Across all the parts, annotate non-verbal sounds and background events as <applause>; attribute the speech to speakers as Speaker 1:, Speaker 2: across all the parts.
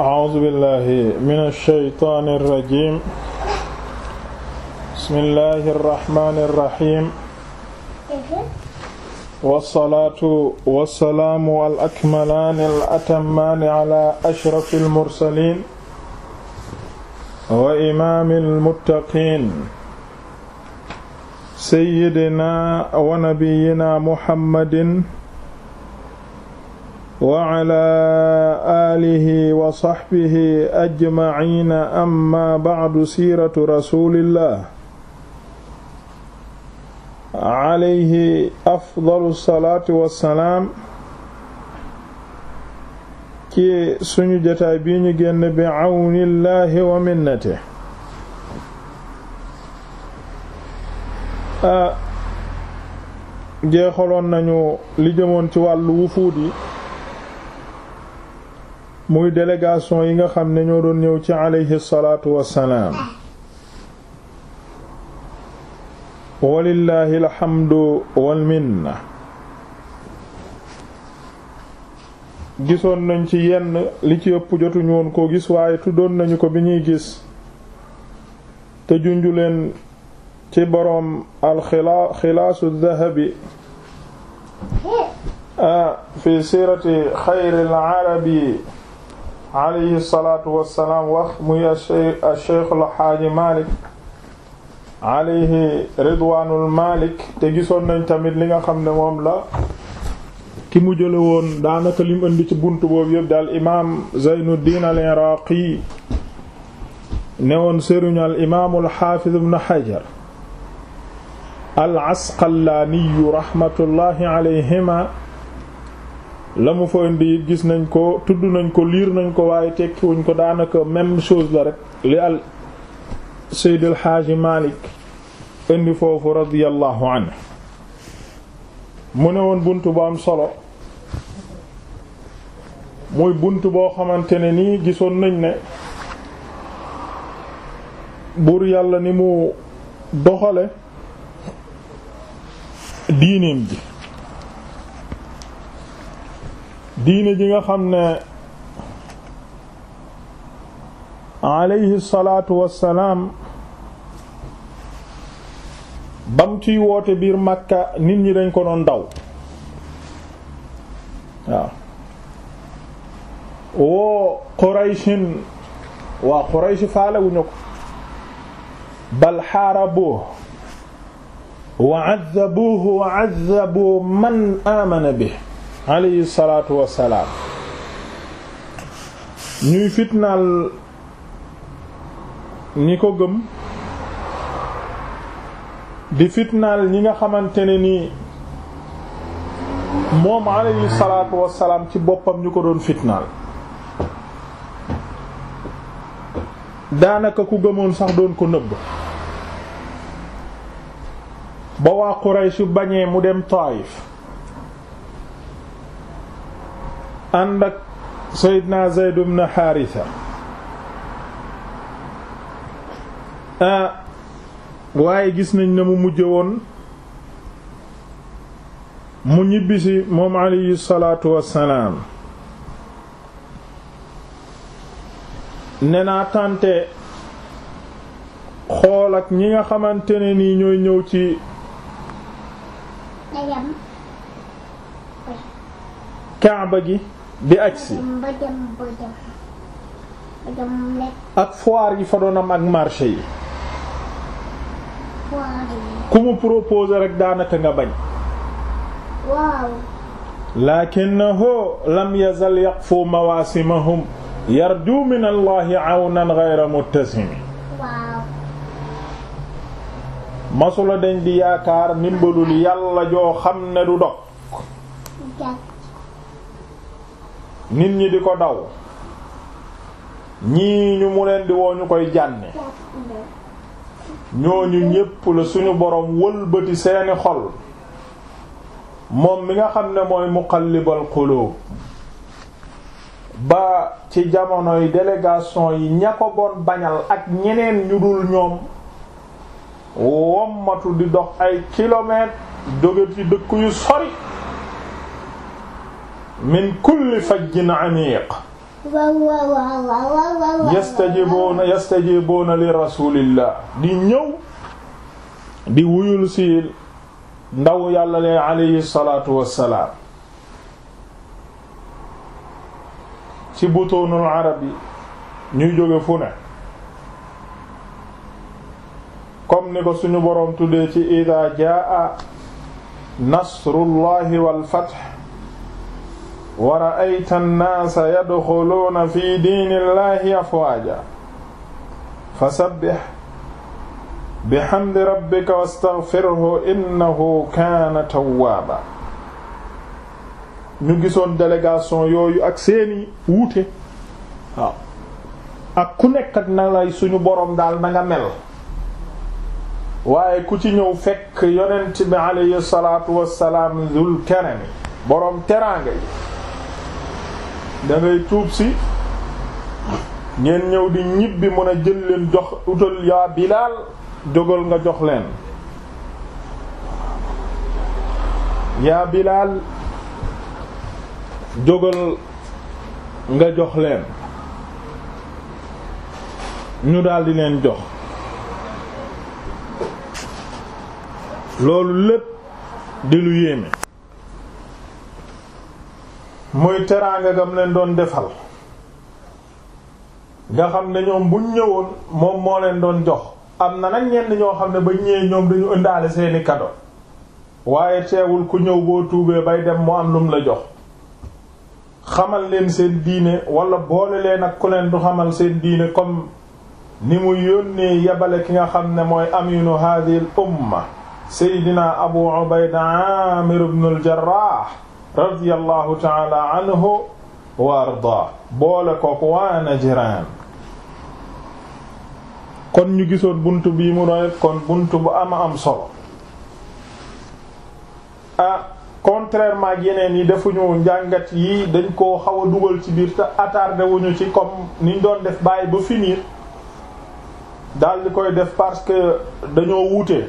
Speaker 1: أعوذ بالله من الشيطان الرجيم بسم الله الرحمن الرحيم والصلاة والسلام الأكملان الأتمان على أشرف المرسلين وإمام المتقين سيدنا ونبينا محمد wa ala alihi wa sahbihi ajmaina amma ba'du siiratu rasulillah alayhi afdalu salaatu wassalaam ci suñu jotaay bi ñu génn bi awnillahi wa minnatihi ah, jeexaloon nañu li jëmoon ci wàllu wufuud yi muy délégation yi nga xam ne ñoo doon ñëw ci aleyhi salaatu wassalaam walillahi alhamdu walminna gisoon nañ ci yenn li ci ëpp jotuñu woon koo gis waaye tuddoon nañu ko bi ñuy gis te junjuleen ci boroom alxila xilaasu dahabi ah, fi sirati xayril arabi alayhi salaatu wassalaam wax muy acheikh alxaaji malik alayhi ridwaanul malik te gisoon nañ tamit li nga xam ne moom la ki mu jële woon daanaka limu indi ci bunt boobu yëpp daal imaam zeynuddin al iraaqi newoon sëriñ al imaam al xaafiz ibn xajar al asqalaaniyu raxmatullahi alayhima la mu fa indi it gis nañ ko tudd nañ ko liir nañ ko waaye tekkiwuñ ko daanaka même chose la rek li al Seyd al Xaaji Malik indi foofu radiyallahu anhu mu ne woon bunt bu am solo muy bunt boo xamante ne nii gisoon nañ ne buur yàlla ni mu doxale diineem ji diine ji nga xam ne alayhi salaatu wassalaam bam ciy woote biir Makka nit ñi dañ ko doon daw waaw woo Qurayshin waa Quraysh faalewuñu ko bal xaarabuhu wa azzabuhu wa azzabu man amana bihi alayhi salaatu wassalaam ñuy fitnaal ñi ko gëm di fitnaal ñi nga xamante ne nii moom alayhi salaatu wassalaam ci boppam ñu ko doon fitnaal daanaka ku gëmoon sax doon ko nëbb ba waa Quraysh bañee mu dem Taayif ànd ak Seydina Zayd ibn Haarisa ah, waaye gis nañ ne mu mujj woon mu ñibbisi moom alayhi salaatu wassalaam ne naa tànte xool ak ñi nga xamante ne nii ñooy ñëw ci kaaba gi di agsi ak foire yi fa doon ak marché yi ku mu proposer rek daanaka nga bañ lakinnahu lam yazal yaqfu mawasimahum yarju min allahi awnan ghayra muttasimi masula dañ di yaakaar ndimbalul yàlla joo xam ne du dog nit ñi di ko daw ñii ñu mu leen di woo ñu koy jànne ñooñu ñépp la suñu boroom wëlbati seeni xol moom mi nga xam ne mooy muqallibal qulub ba ci jamonoy délégation yi ña ko bon bañal ak ñeneen ñu dul ñoom wommatu di dox ay kilomètres jóge dëkk yu sori min kulli fajjin amiiq yastajibuuna yastajibuuna li rasulillah di ñëw di wuyul si ndaw yàlla lee alayhi salaatu wassalaam ci butoonul arab yi ñuy jóge fu ne comme ni ko suñu boroom tuddee ci idaa jaa nasrullahi wal fath wa ra'ayta an-naasa yadxuluuna fi diini llahi afwaaja fasabbih bihamdi rabbika wastaghfirhu innahu kaana tawwaaba ñu gisoon délégation yooyu ak seeni wuute ak ku nekk ak na lay suñu daal na mel waaye ku ci ñëw fek yonent bi alayhi salaatu wassalaam zul karami boroom teraanga da tuub si ngeen ñëw di ñibbi mën a jël leen jox utal yaa Bilaal jógal nga jox leen yaa Bilaal jógal nga jox leen ñu daldi leen jox loolu lépp di lu yéeme muy teraanga gam leen doon defal nga xam ne ñoom buñ ñëwoon moom moo leen doon jox am na nag ñenn ñoo xam ne ba ñëwee ñoom dañu ëndaale seeni kado waaye teewul ku ñëw boo tuubee bay dem mu am lum la jox xamal leen seen diine wala boole leen ak ku leen du xamal seen diine comme ni mu yónnee yebale ki nga xam ne mooy aminu hadhihi al umma seydina abu ubayda amir ibn al jarrah radiyallahu taala anhu wa ardaa boole kook waa Najraan kon ñu gisoon bunt bii mu doon kon bunt bu ama am solo ah contrairement yeneen yi defuñu njàngat yi dañ koo xaw a dugal ci biir te attardé wuñu ci comme niñ doon def bàyyi ba finir daldi koy def parce que dañoo wuute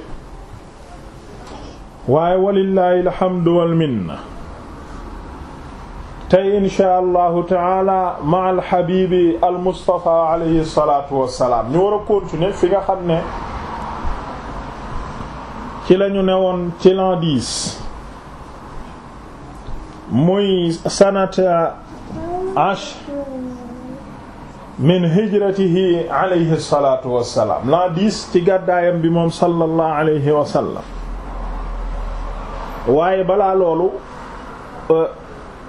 Speaker 1: waaye walillahi alhamdu wal tey insha allahu taala ma alxabibi almustafa alayhi salatu wassalaam ñu war a continuer fi nga xam ne ci ñu ne ci l'an dix muy sanata ash min hijratihi alayhi salatu wassalaam l'an dix ci gàddaayam bi moom sallallahu alayhi wa sallam waaye balaa loolu euh,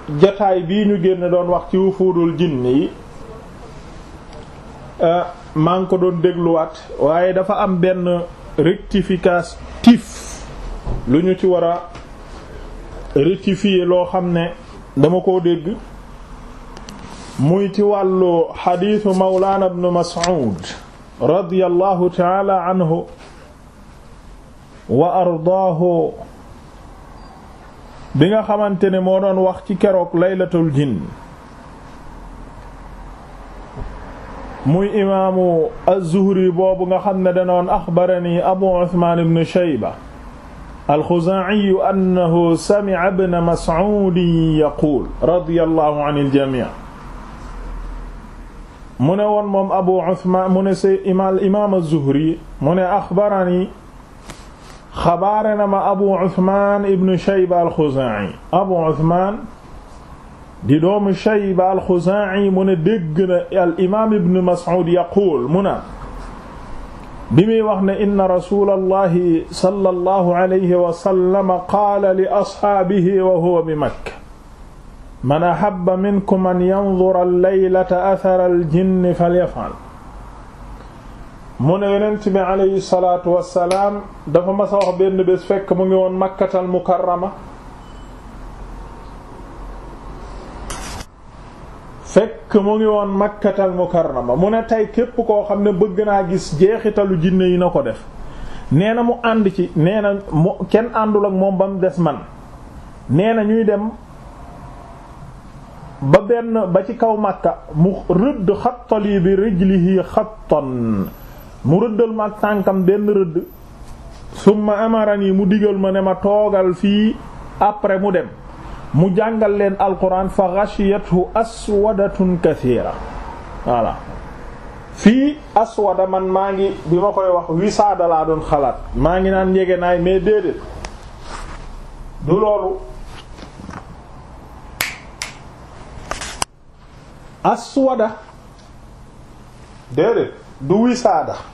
Speaker 1: jataay bii ñu génne doon wax ci wufuudul jinni yi euh, maa ngi ko doon dégluwaat waaye dafa am benn rectificatif lu ñu ci war a rectifier loo xam ne dama koo dégg muy ci wàllu xadiisu mawlaana ibnu mas'ud radiyallahu ta'ala anhu wa ardaahu bi nga xamante ne moo doon wax ci keroog laylatul jinn muy imaamu az-Zuhri boobu nga xam ne danoon axbarani abu Usmaan ibn Shayba al-Xuzaa'i annahu sami'a ibna Mas'uudin yaquul radiyallahu anil jamii' mu ne woon moom abu Usmaan mu ne say imaam az-Zuhri mu ne axbarani xabaare na ma abu usman ibn shayba alxuzaa'i abu usman di doomu shayba alxuzaa'i mu ne dégg na al imaam ibn mas'ud yaquul mu na bi muy wax ne inna rasulallahi sallallahu alayhi wa sallam qaala li ashaabihi wa huwa bi makka man ahabba minkum an yanzura al laylata athara al jinni falyaf'al mu ne yonent bi aleyhi salaatu wassalaam dafa mas a wax benn bés fekk mu ngi woon makkatal mukarrama fekk mu ngi woon makkatal mukarrama mu ne tey képp koo xam ne bëgg naa gis jeexitalu jinne yi na ko def nee mu ànd ci nee mu kenn àndul ak moom ba mu des man nee na ñuy dem ba benn ba ci kaw makka mu rëdd xattali bi rijlihi xattan mu rëddal ma ak tànkam benn rëdd summa yi mu digal ma ne ma toogal fii après mu dem mu jàngal leen alquran fa ghashiyathu aswadatun kathira voilà fii aswada man maa ngi bi ma koy wax wisaada laa doon xalaat maa ngi naan njege naay mais déedéet du loolu aswada déedéet du wisaada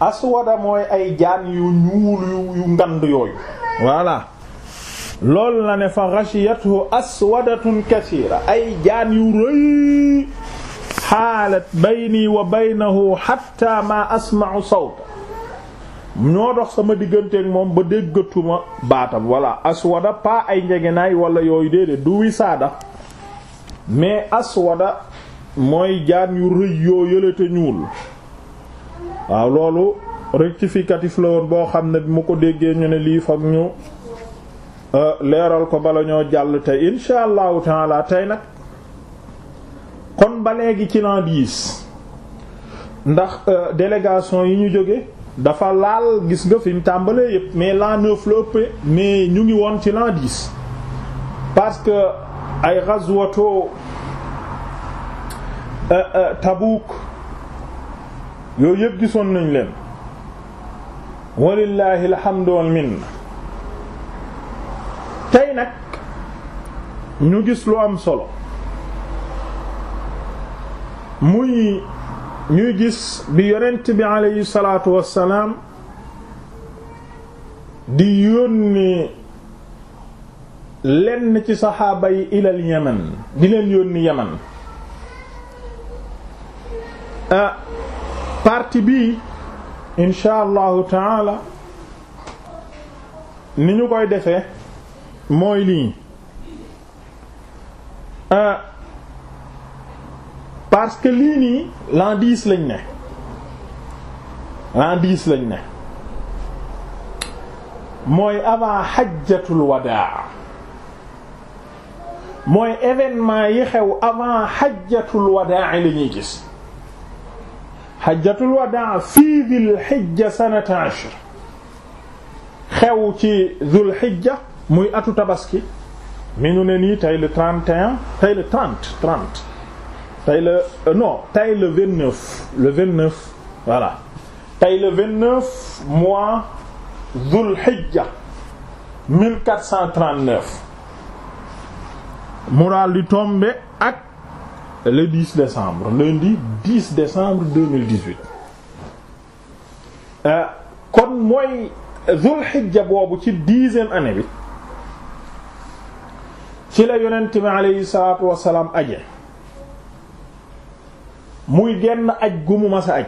Speaker 1: aswada mooy ay jaan yu ñuul yu ngand yooyu voilà loolu na ne fa ghashiyathu aswadatun kathira ay jaan yu rëy xaalat bayni wa baynahu hatta ma asma'u sawta ñoo dox sama digganteeg moom ba déggatuma baatam voilà aswada pas ay njegenaay wala yooyu déedée du wisaada mais aswada mooy jaan yu rëy yoo yëlate ñuul waaw loolu rectificatif la woon boo xam ne bi mu ko déggee ñu ne lii foog ñu euh, leeral ko bala ñoo jàll tey insha allahu taala tey nag kon ba léegi ci l'an dix ndax euh, délégation yi ñu jóge dafa laal gis nga fi mu tàmbalee yépp mais l'an neuf la ëppee mais ñu ngi woon ci l'an dix parce que ay ghazwatu euh, Tabuk yooyu yëpp gisoon nañ leen walillahi alhamdu wal minna tey nag ñu gis lu am sol muy ñuy gis bi yonent bi aleyhi salaatu wassalaam di yónni lenn ci saxaaba yi ilal yaman di leen yónni yaman ah, partie bii insha allahu taala ni ñu koy defee mooy lii euh, parce que lii nii l'an dix lañ ne l'an dix lañ ne mooy avant xajjatul wadaa mooy événement yi xew avant xajjatul wadaa la ñuy gis xajjatul wadaa fii dil xijja sanata ashr xew ci dul xijja muy atu tabaski mi ñu ne nii tey le 31 tey le 30 30 tey le euh, non tey le 29 le 29 voilà tey le 29 mois dul xijja 1439 mu daal di tombe ak le 10 décembre lundi 10 décembre 2018 euh, kon mooy zul xijja boobu ci dixième année bi ci la yonent bi aleyhi salaatu wasalaam aje muy genn aj gu mu masa aj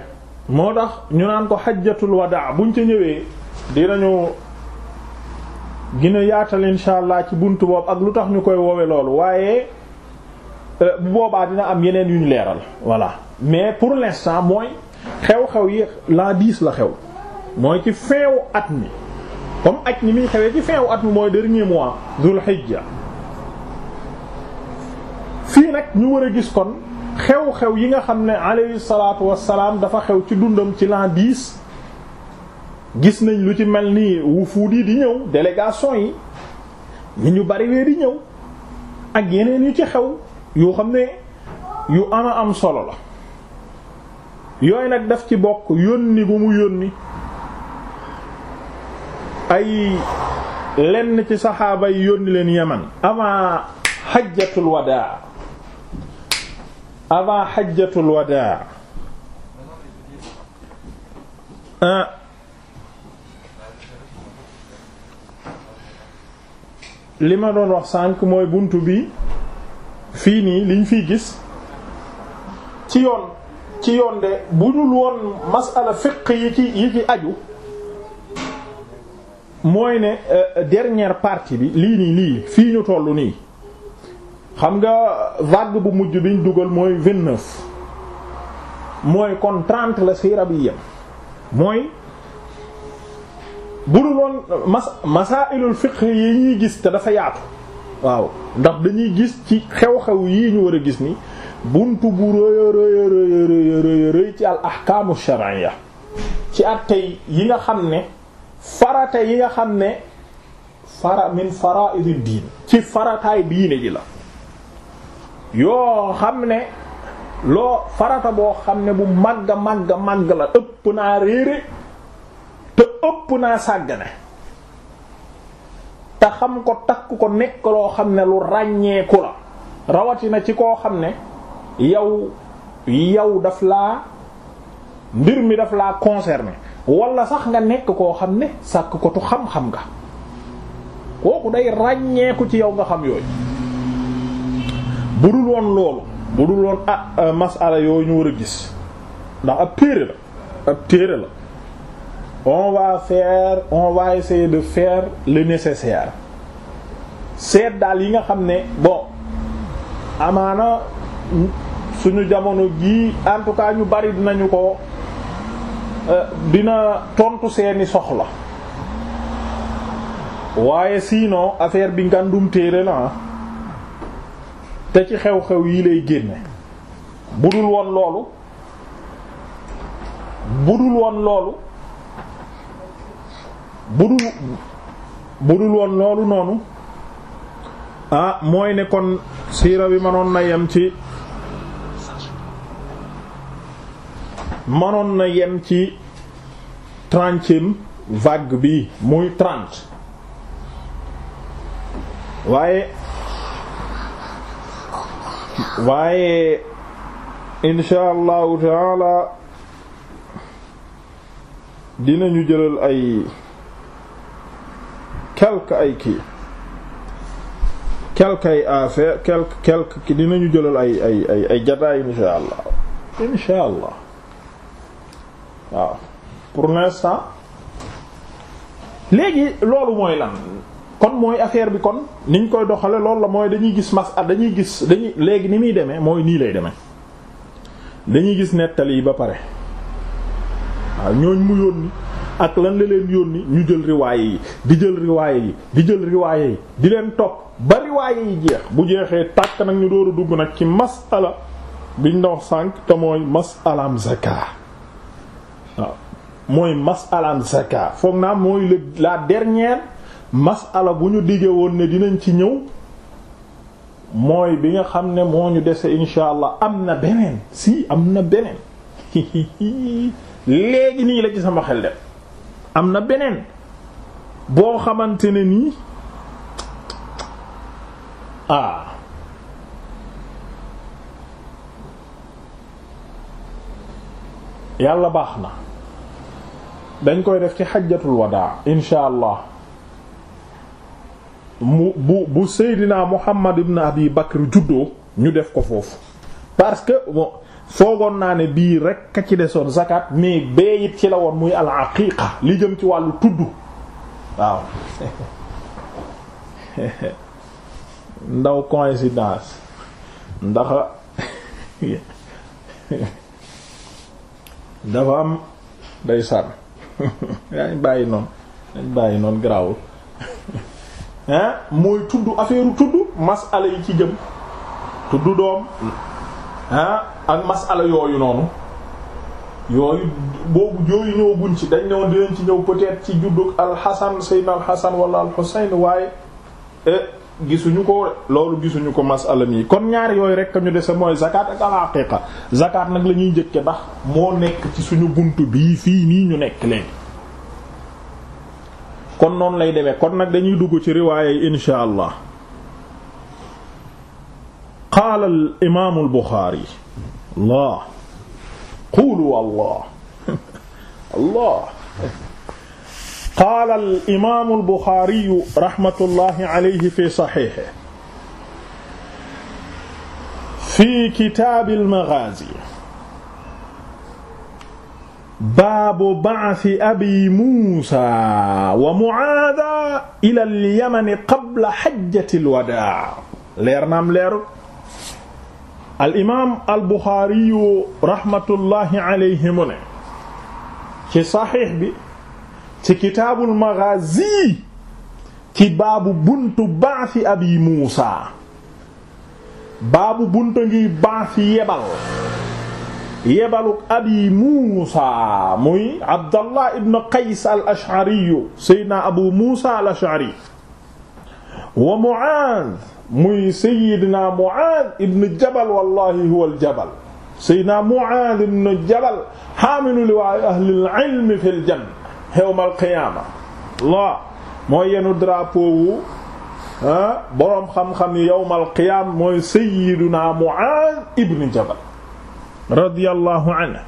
Speaker 1: moo tax ñu naan ko xajjatul wadaa buñ ca ñëwee dinañu gën a yaatal insha allah ci bunt boobu ak lu tax ñu koy woowe loolu waaye Euh, bu boobaa dina am yeneen yu ñu leeral voilà mais pour l'instant mooy xew-xew yi l'an dix la xew mooy ci feewu at mi comme at ni muy xewee ci feewu at mi mooy dernier mois Dhul Hijja fii nag ñu war a gis kon xew-xew yi nga xam ne alayhi salaatu wassalaam dafa xew ci dundam ci l'an dix gis nañ lu ci mel ni wufuud yi di ñëw délégation yi ni ñu bariwee di ñëw ak yeneen yu ci xew yoo xam ne yu ama am solo la yooyu nag daf ci bokk yónni bu mu yónni ay lenn ci saxaaba yi yónni leen yaman avant xajjatul wadaa avant xajjatul wadaa ah. li ma doon wax sànq mooy buntu bi fii nii liñ fiy gis ci yoon ci yoon de bu dul woon masala fiqh yi ci yi ci aju mooy ne euh, euh, dernière partie bi lii nii lii fii ñu tollu nii xam nga vague bu mujj biñ dugal mooy vingt-neuf mooy kon trente la siira bi yem mooy bu dul woon mas masailul fiqh yi ñuy gis te dafa yaatu waaw ndax dañuy gis ci xew-xew yii ñu war a gis ni buntu bu rëy rëy rëy ci al ahkaamu shar'iyya ci attey yi nga xam ne farata yi nga xam ne fara min fara'idi diin ci farataay diine ji la yoo xam ne loo farata boo xam ne bu màgg màgg màgg la ëpp naa réere te ëpp naa sàggane te xam ko takk ko nekk loo xam ne lu ràññeeku la rawatina ci koo xam ne yow yow daf laa mbir mi daf laa concerné walla sax nga nekk koo xam ne sàkk ko tu xam-xam nga kooku day ràññeeku ci yow nga xam yooyu bu dul woon loolu bu dul woon ah euh, masala yooyu ñu war a gis ndax ab téere la ab téere la on va faire on va seet daal yi nga xam ne bon amaana suñu jamono jii en tout ñu bari dinañu ko euh, dina tontu seeni soxla waaye sinon affaire bi ngandum téere la ah. te ci xew-xew yi lay génne budul woon loolu budul woon loolu bu dul bu dul woon loolu noonu ah mooy ne kon siira bi mënoon na yem ci mënoon na yem ci trentième vague bi muy trente waaye waaye insha allahu taala dinañu jëlal ay quelque ay kii quelque ay affaire quelque quelque dinañu jëlal ay ay ay ay jataay insha allah insha allah waaw pour l'instant léegi loolu mooy lan kon mooy affaire bi kon niñ koy doxale loolu la mooy dañuy gis mas ah, dañuy gis dañuy léegi ni muy demee mooy nii lay deme dañuy gis nettali yi ba pare waaw ñooñ mu yónni ak lan la leen yónni ñu jël riwaaye yi di jël riwaaye yi di jël riwaaye yi di leen topp ba riwaaye yi jeex bu jeexee tàkk nag ñu door a dugg nag ci mas masala bi dox sànq te mooy masalaam zakat waaw mooy masalaam zakat foog naa mooy la la dernière masala bu ñu digge woon ne dinañ ci ñëw mooy bi nga xam ne moo ñu dese insha allah am na beneen si am na beneen <laughs> léegi nii la ci sama xel dem am na beneen boo xamante ne nii ah yàlla baax na dañ koy def ci xajjatul wadaa insha allah mu bu bu Seydina Muhammad ibn Abi Bakr juddoo ñu def ko foofu parce que bon foogoon naa ne bii rek a ci desoon zakat mais bee it ci la woon muy al aqiqa li jëm ci wàllu tudd waaw <laughs> ndaw coïncidence ndax <laughs> dafa am day sànn <laughs> yaa bàyyi noonu dañ bàyyi noonu garaawul hein mooy tudd affaire tudd masala yi ci jëm tudd doom hein ak masala yooyu noonu yooyu boobu yooyu ñëw gun ci dañ ne ci ñëw peut-être ci juddug alxasan seydna alxasan wala alxusayn waaye eh, gisuñu ko loolu gisuñu ko masala nii kon ñaari yooyu rek ñu dese mooy zakat ak alaqiqa zakat nag la ñuy ndax moo nekk ci suñu bunt bii fii nii ñu nekk léegi kon noonu lay demee kon nag dañuy dugg ci riwaaya yi insha allah qaala al imaamul buxaari allah qulu allah <laughs> allah qaala al imaamu al buxaariyu rahmatullahi alayhi fi saxiixihi fi kitaabi al magaazi baabu ba'si abi muusaa wa mu'aadha ila al yaman qabla hajjati al wadaa leer naam leeru al imaam al buxaari rahmatullahi alayhi mu ne ci saxiix bi ci kitaabul buntu baafi abi muusa baabu buntu ngi baafi yebal yebaluk abi muusa muy abdallah ibn qays al ashariyu abu muusa al ashari wa muaaz muy Seyyidina Mu'aaz ibn Jabal wallahi huwal Jabal Seyyidina Mu'aaz ibn Jabal haamilu liwaa'i ahlil ilmi fil janna yawmal qiyaama Allah mooy yenu drapeau wu boroom xam-xam yi yawmal qiyaama mooy Seyyidina Mu'aaz ibn Jabal radiyallahu anhu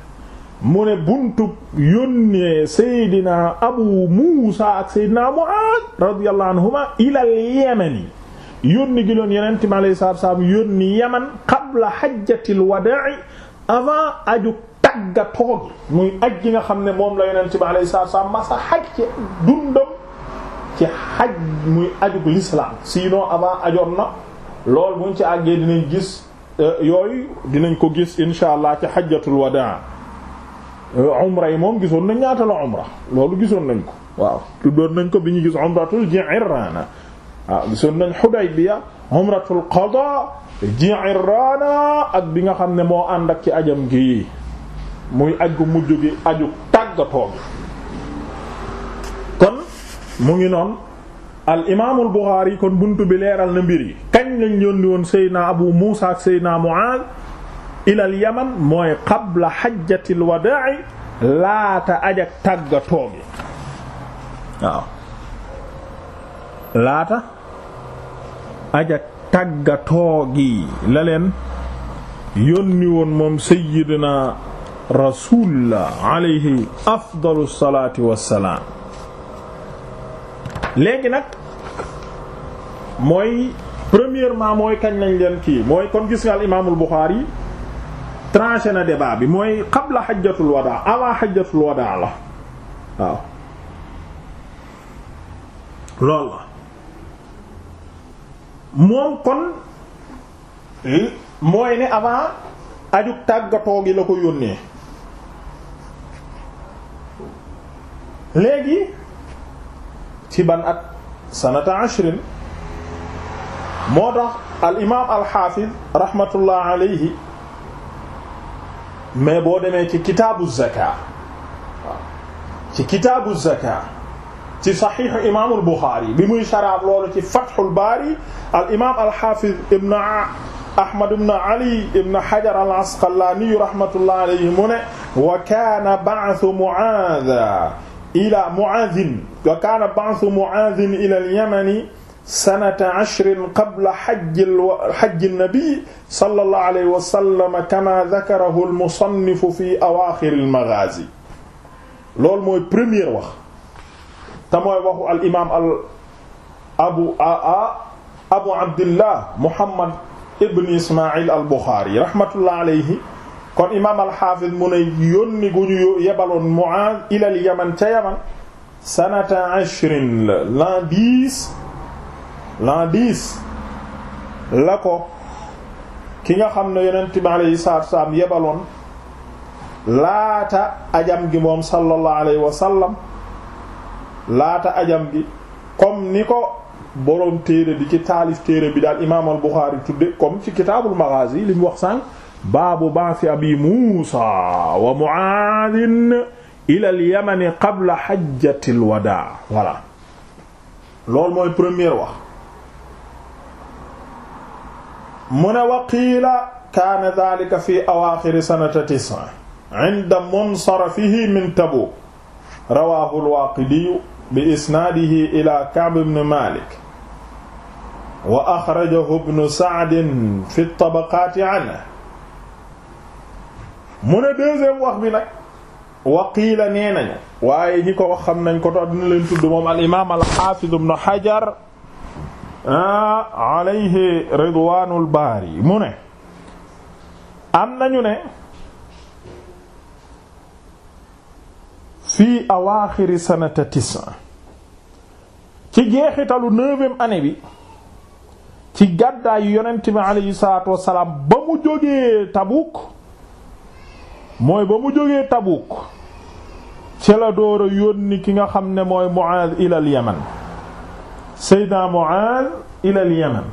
Speaker 1: mu ne buntu yónnee Seydina Abu Muusa ak Seydina Mu'aaz radiyallahu anhuma ilal Yemeni yónni gi loon yeneen saamu alay saab yeman yónni yaman qabla xajjatil wadaa avant aju tàggatoo gi muy aj gi nga xam ne moom la yeneen time alay saab saab masa xaj ci dundam ci xaj muy ajug l'islam sinon avant ajoon na lool buñ ci àggee dinañ gis euh, yooyu dinañ ko gis insha allah ci xajjatul wadaa euh, umra yi moom gisoon nañ ñaata la umra loolu gisoon nañ ko waaw tuddoon nañ ko bi ñu gis ji ji'rana waaw ah, gisoon nañ Hudaybiya umratul qada Ji'rana ak bi nga xam ne moo ànd ak ci ajam gi muy aju mujj gi aju tàggatoo bi kon mu ngi noon al imaamul kon buntu bi leeral na mbir yi kañ lañ yónni woon Seydina Abu Muusa ak Seydina Muaaz ilal Yaman mooy qabla hajjatil wadaa laata ajak tàggatoo bi aja tàggatoo gi la leen yónni woon moom sayyidina rasulullah alayhi afdalu salaatu wassalaam léegi nag mooy premièrement mooy kañ lañ leen kii mooy kon gis nga al imaamul Buxaari tranché na débat bi mooy qabla xajjatul wadaa avant xajjatul wadaa la waaw moom kon eh, mooy ne avant aju tàggatoo gi la ko yónnee léegi ci ban ak sanata ashrin moo tax al imaam al xaafid rahmatullah alayhi mais boo demee ci kitaabu zaka waaw ci kitaabu zaka ci saxiixu imaamul Buxaari bi muy saraab loolu ci Fathul Baari al imaam al xaafiz ibn Ahmad ibn Ali ibn Hajar al Asqalaani rahmatullahi alayhi mu ne wa kaana ba'su Mu'aaz ila Mu'aaz wa kaana ba'su Mu'aaz ila al Yaman sanata ashrin qabla hajji hajji nabi sallallahu alayhi wa sallam kama dakarahu al musannif fi awaaxir al maghaazi loolu mooy première wax te mooy waxu al imaam al abu aa abu abdillah muhammad ibn ismail al buxaari rahmatullah alayhi kon imaam al xaafis mu ne yónni gu ñu yebaloon Muaaz ilal yaman ca yaman sanata ashrin la l'an dix l'an dix la ko ki nga xam ne yonent bi alayhi salaatu salaam yebaloon laata ajam gi moom sallallahu alayhi wa sallam laata ajam gi comme ni ko boroom téere bi ci taalif téere bi daal imaam al Buxaari tudde comme ci kitaabul abi Muusa wa Mu'aad ila al yaman qabla mu ne wa qiila kaana fi awaaxiri sanata tis'a inda munsarafihi min bi isnaadihi ila Ka'b ibn Malik wa axrajahu ibnu Sa'd fi tabaqaati anhu mu ne deuxième wax bi nag waqiila nee nañu waaye ñi ko wax xam nañ ko tax dina leen tudd moom al imaam al xaafiz ibnu Hajar ah, alayhi ridwaanul baari mu ne am nañu ne fii awaaxiri sanata tis'a ci jeexitalu neuvième année bi ci gàddaayu yonent bi aleyhi salaatu wassalaam ba mu jógee Tabuk mooy ba mu jógee Tabuk ci la door yónni ki nga xam ne mooy Muaaz ilal Yaman Seydina Muaaz ilal Yaman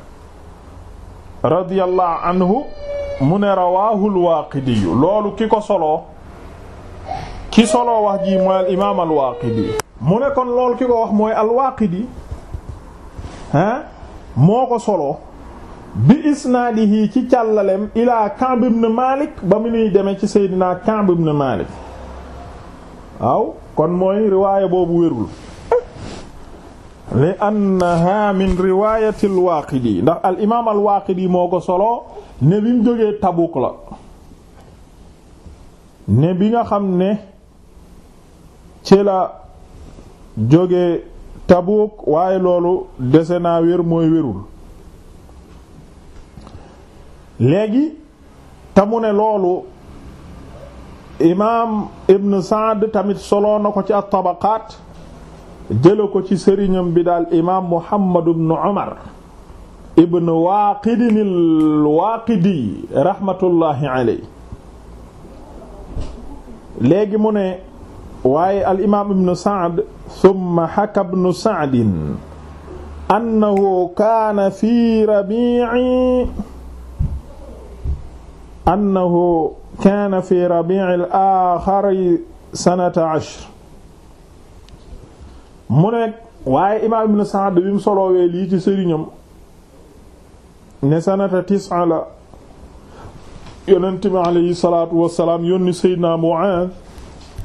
Speaker 1: radiyallahu anhu mu ne rawaahul Waaqidi loolu ki ko soloo ki soloo wax ji mooy al imaam al Waaqidi mu ne kon lool ki ko wax mooy al-Waaqidi ah moo ko soloo bi isnaadihi ci càllalem ilaa Ka'b ibn Malik ba mu nuy demee ci Seydina Ka'b ibn Malik waaw kon mooy riwaaya boobu wérul li annaha min riwaayati al-Waaqidi ndax al imaam al-Waaqidi moo ko solo ne bi mu jógee Tabuk la ne bi nga xam ne ci la jóge Tabuk waaye loolu dese na wér mooy wérul léegi te mu loolu imaam Ibn Saad tamit solo na ko ci at-Tabaqaat jële ko ci sëriñam bi daal imaam Muhammad ibn Umar ibn Waaqidin waaqidi rahmatullahi alayhi léegi mu ne waaye al imaam ibnu Sa'd summa haka ibnu Sa'din annahu kaana fi rabi'i annahu kaana fi rabi'il aaxar sanata ashr mu nekk waaye imaam ibnu Sa'd bi mu soloowee lii ci sëriñam ne sanata tis'a la yonent bi alayhi salaatu wa salaam yónni Seydina Mu'aaz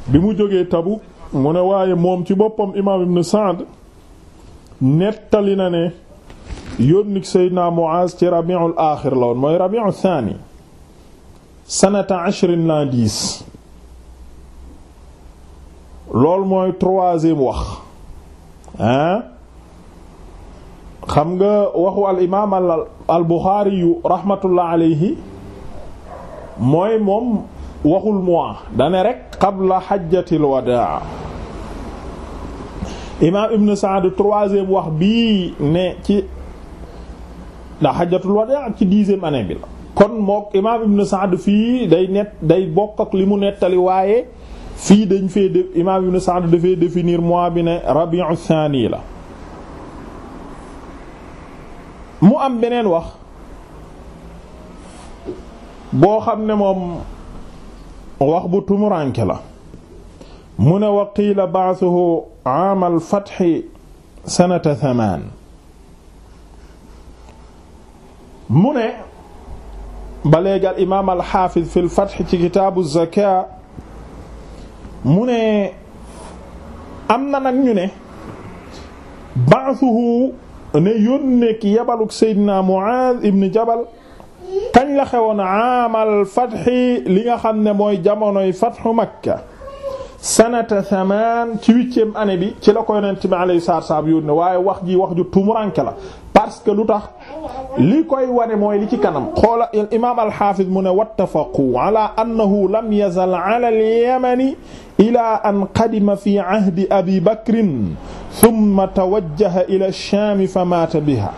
Speaker 1: bi mu jógee tabu mu ne waaye moom ci boppam imaam ibn Sa'd nettali na ne yónnik Seydina Muaz ci rabiul aaxir la mooy rabiul thani sanata ashrin la loolu mooy troisième wax xam nga waxu al imaam al Buxaari yu rahmatullah alayhi mooy moom waxul mois dane rek qabla xajjatil wadaa imaam ibn Saad troisième wax bi ne ci da xajjatul wadaa ci dixième année bi la kon mook imaam ibn Saad fii day net day bokk li mu nettali waaye fii dañ fee def imaam ibn Saad dafay définir mois bi ne rabi'u thani la mu am beneen wax boo xam ne moom wax bu tumuranke la mu ne wa qiila ba'thuhu aamal fathi sanata thamaan mu ne ba al imaam al fi al fath ci kitaabu zakaa mu ne am na nag ñu ne ba'thuhu ne yónneek yabaluk Seydina Muaaz ibn Jabal kañ la xewoon aamal fatxi li nga xam ne mooy jamonoy fatxu makka sanata samaan ci huitième année bi ci la ko yonent bi alayhi salaatu wassalaam yónne waaye wax ji wax ju tumuranke la parce que lu tax li koy wane mooy li ci kanam xoola imaam alxaafis mu ne wattafaqu ala annahu lam yazal ala al-yamani ilaa an qadima fi ahdi abi bakrin thumma tawajjaha ila ash-shaam fa maata biha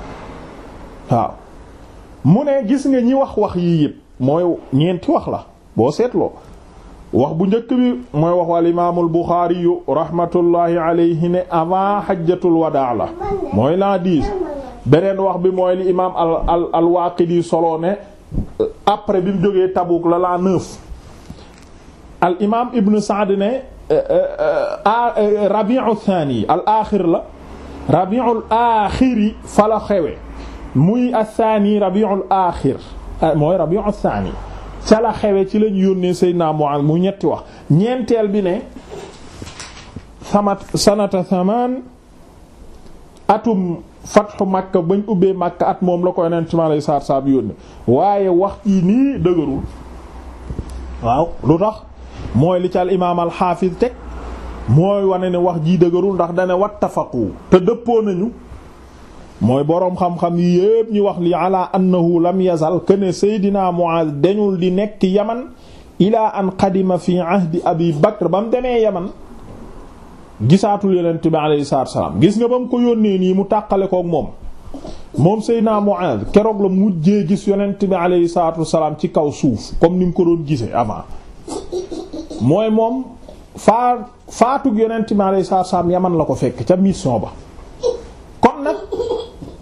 Speaker 1: waaw mu ne gis nga ñi wax wax yii yëpp mooy ñeenti wax la boo seetloo wax bu njëkk bi mooy waxu al imaamul Buxaari yu rahmatullahi alayhi ne avant xajjatul wadaa la mooy l'an dix beneen wax bi mooy li imaam al al al solo ne euh, bi mu jógee Tabuk la l'an neuf al imaam Ibn euh, euh, aaxir la rabi'ul aaxiri fa la xewe muy asaani rabiul aaxir ah, mooy rabiul saani ca la xewe ci lañ yónnee Seydina Mu'aaz mu ñetti wax ñeenteel bi ne samat sanata samaan atum fatxu Makka bañ ubbee Makka at moom la ko yonent mi alayhi salaatu salaam yónnee waaye wax yi nii dëgërul waaw lu tax mooy li ci al imaam al xaafiz teg mooy wane ne wax jii dëgërul ndax dane wattafaqu te dëppoo nañu mooy boroom xam-xam yi yépp ñu wax li ala annahu lam yazal kene seydina Muaz dañul di nekk yaman ilaa an qadima fi ahdi abi bakr ba mu demee yaman gisaatul yonent bi alayhi salaatu wassalaam gis nga ba mu ko yónnee nii mu tàqale kook moom moom seydina Muaz keroog la mu mujjee gis yonent bi alayhi salaatu wassalaam ci kaw suuf comme ni mu ko doon gisee avant mooy moom faa faatug yonent bi alayhi salaatu wassalaam yaman la ko fekk ca mission ba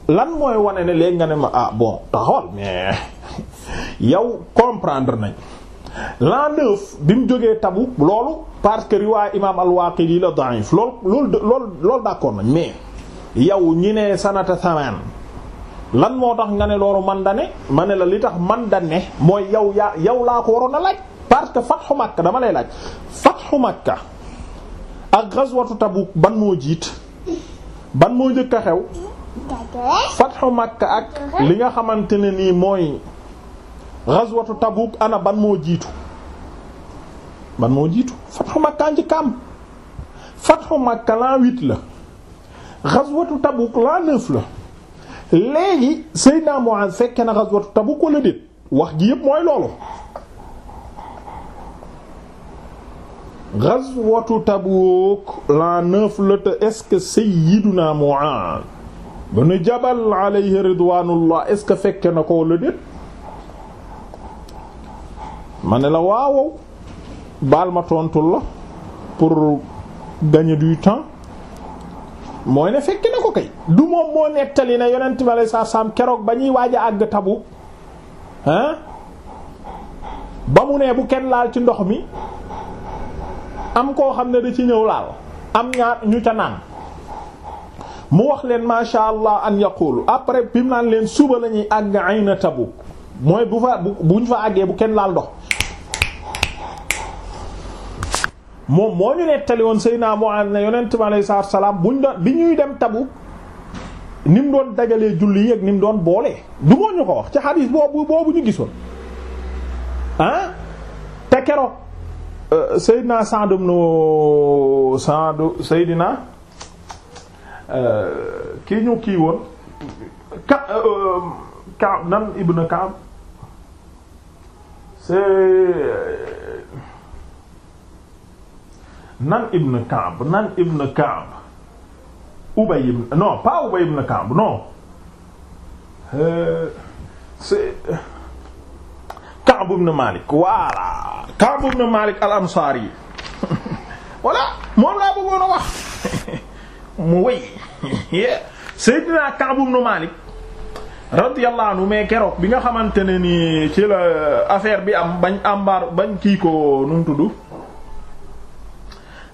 Speaker 1: lan mooy wane ne léegi nga ne ma ah bon taxawal mais <laughs> yow comprendre nañ l'an neuf bi mu jógee Tabuk loolu parce que riwaay imaam al-Waaqidi la da'if loolu loolu loolu loolu nañ mais yow ñi ne sanata samaan lan moo tax nga ne loolu man da ma ne la li tax man da mooy yow yaa yow laa ko waroon a laaj parce que fatxu Makka dama lay laaj fatxu Makka ak ghazwatu Tabuk ban moo jiit ban moo njëkk a xew fatxu Makka ak li nga xamante ne nii mooy ghazwatu Tabuk ana ban moo jiitu ban moo jiitu fatxu Makka njëkkaam fatxu Makka l'an huit la ghazwatu Tabuk l'an neuf la léegi Seydina Muaz fekke na ghazwatu Tabuk wala déet wax ji yépp mooy loolu ghazwatu Tabuk l'an neuf la te est-ce que Seydina bunu jabal alayhi ridwanullah est-ce que fekke na ko walla déet ma ne la waawow baal ma tontul la pour gagner du temps mooy ne fekke na ko kay du moom moo nettali ne yonent bi alay saa keroog ba ñuy waaj àgg tabu hein ba mu ne bu kenn laal ci ndox mi am koo xam ne da ci ñëw laal am ñaar ñu ca naan mu wax leen macha allah an yaqulu après bi mu naan leen suba la ñuy àgg na Tabuk mooy bu fa buñ fa àggee bu kenn laal ndox. moom moo ñu nettali woon Seydina Mu'adh ne yonent bi alayhi salaatu wa salaam doon bi ñuy dem Tabuk ni mu doon dagalee julli yi ak ni mu doon boolee du moo ñu ko wax ci xadiis boobu boobu ñu gisoon ah te keroog euh, Seydina Sa'd ibn Sa'd Seydina. Euh, kii ñu kii woon ka euh, Kaab nan ibn Kaab c'est nan ibn Kaab nan ibn Kaab Ubay ibn non pas Ubay ibn Kaab non euh, c'est Kaab ibn Malik voilà Kaab ibn Malik al-Ansari <laughs> voilà moom laa bëggoon a wax <laughs> mu wéy Seydina Ka'b ibn Malik radiyallahu anhu mais keroog bi nga xamante ne ni ci la affaire bi am bañ ambar bañ kii ko nu mu tudd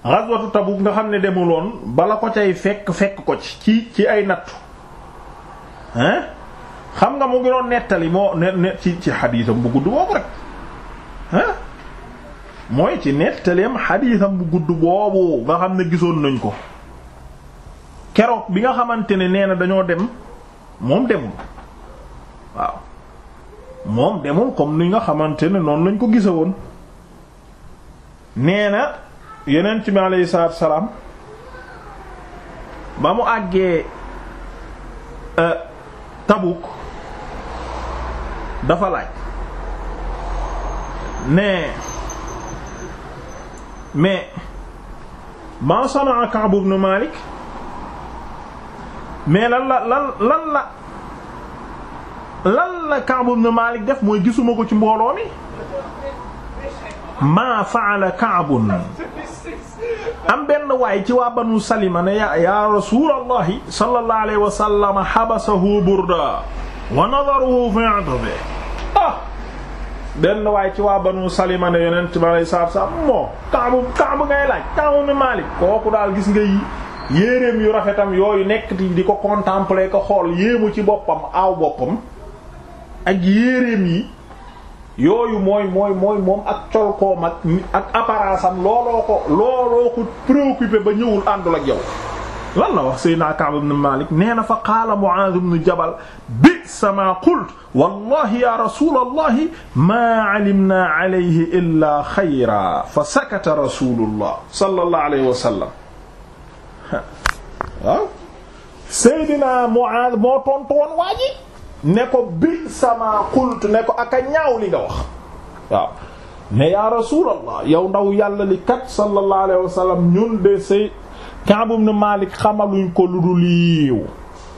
Speaker 1: ghazwatu Tabuk nga xam ne demuloon bala ko cay fekk fekk ko ci ci ci ay nattu hein xam nga mu ngi doon nettali moo ne ne ci ci xadiisam bu gudd boobu rek hein mooy ci nettaleem xadiisam bu gudd boobu nga xam ne gisoon nañ ko keroog bi nga xamante ne nee na dañoo dem moom demul waaw moom demul comme ni nga xamante ne noonu lañ ko gisa woon nee na yeneen ci mi aleyhi salaam ba mu àggee euh, Tabuk dafa laaj mais ma sana'a Ka'b ibn Malik mais lan la lan lan la lan la Ka'b ibn Malik def mooy gisuma ko ci mbooloo mi maa fa'ala Ka'b am benn waay ci waa banu salima ne ya ya rasulallahi sallallahu alayhi wa sallam habasahu burda wa nadaruhu fi 'atabihi ah benn waay ci waa banu salima ne yonent bi alayhi salaam moo Ka'b Ka'b ngay laaj Ka'b ibn Malik kooku daal gis nga yi yéeréem yu rafetam yooyu nekk di ko contempler ko xool yéemu ci boppam aaw boppam ak yéeréem yi yooyu mooy mooy mooy moom ak colkoom ak ak apparence am looloo ko looloo ko préoccupé ba ñëwul àndul ak yow lan la wax Seydina Ka'b ibn Malik nee na fa qaala Mu'aaz ibn Jabal bi'sa maa qult wallahi ya rasulallahi maa alimna alayhi illa xayra fa sakata rasulullah sallallahu alayhi wa sallam waaw Seydina Muaaz moo tontu woon waa ne ko bi sama xult ne ko ak a ñaaw li nga wax waaw ne yaa rasulallah yow ndaw yàlla li kat sallallahu alayhi wa sallam ñun de say Ka'b ibn Malik xamaluñ ko lu dul yiiw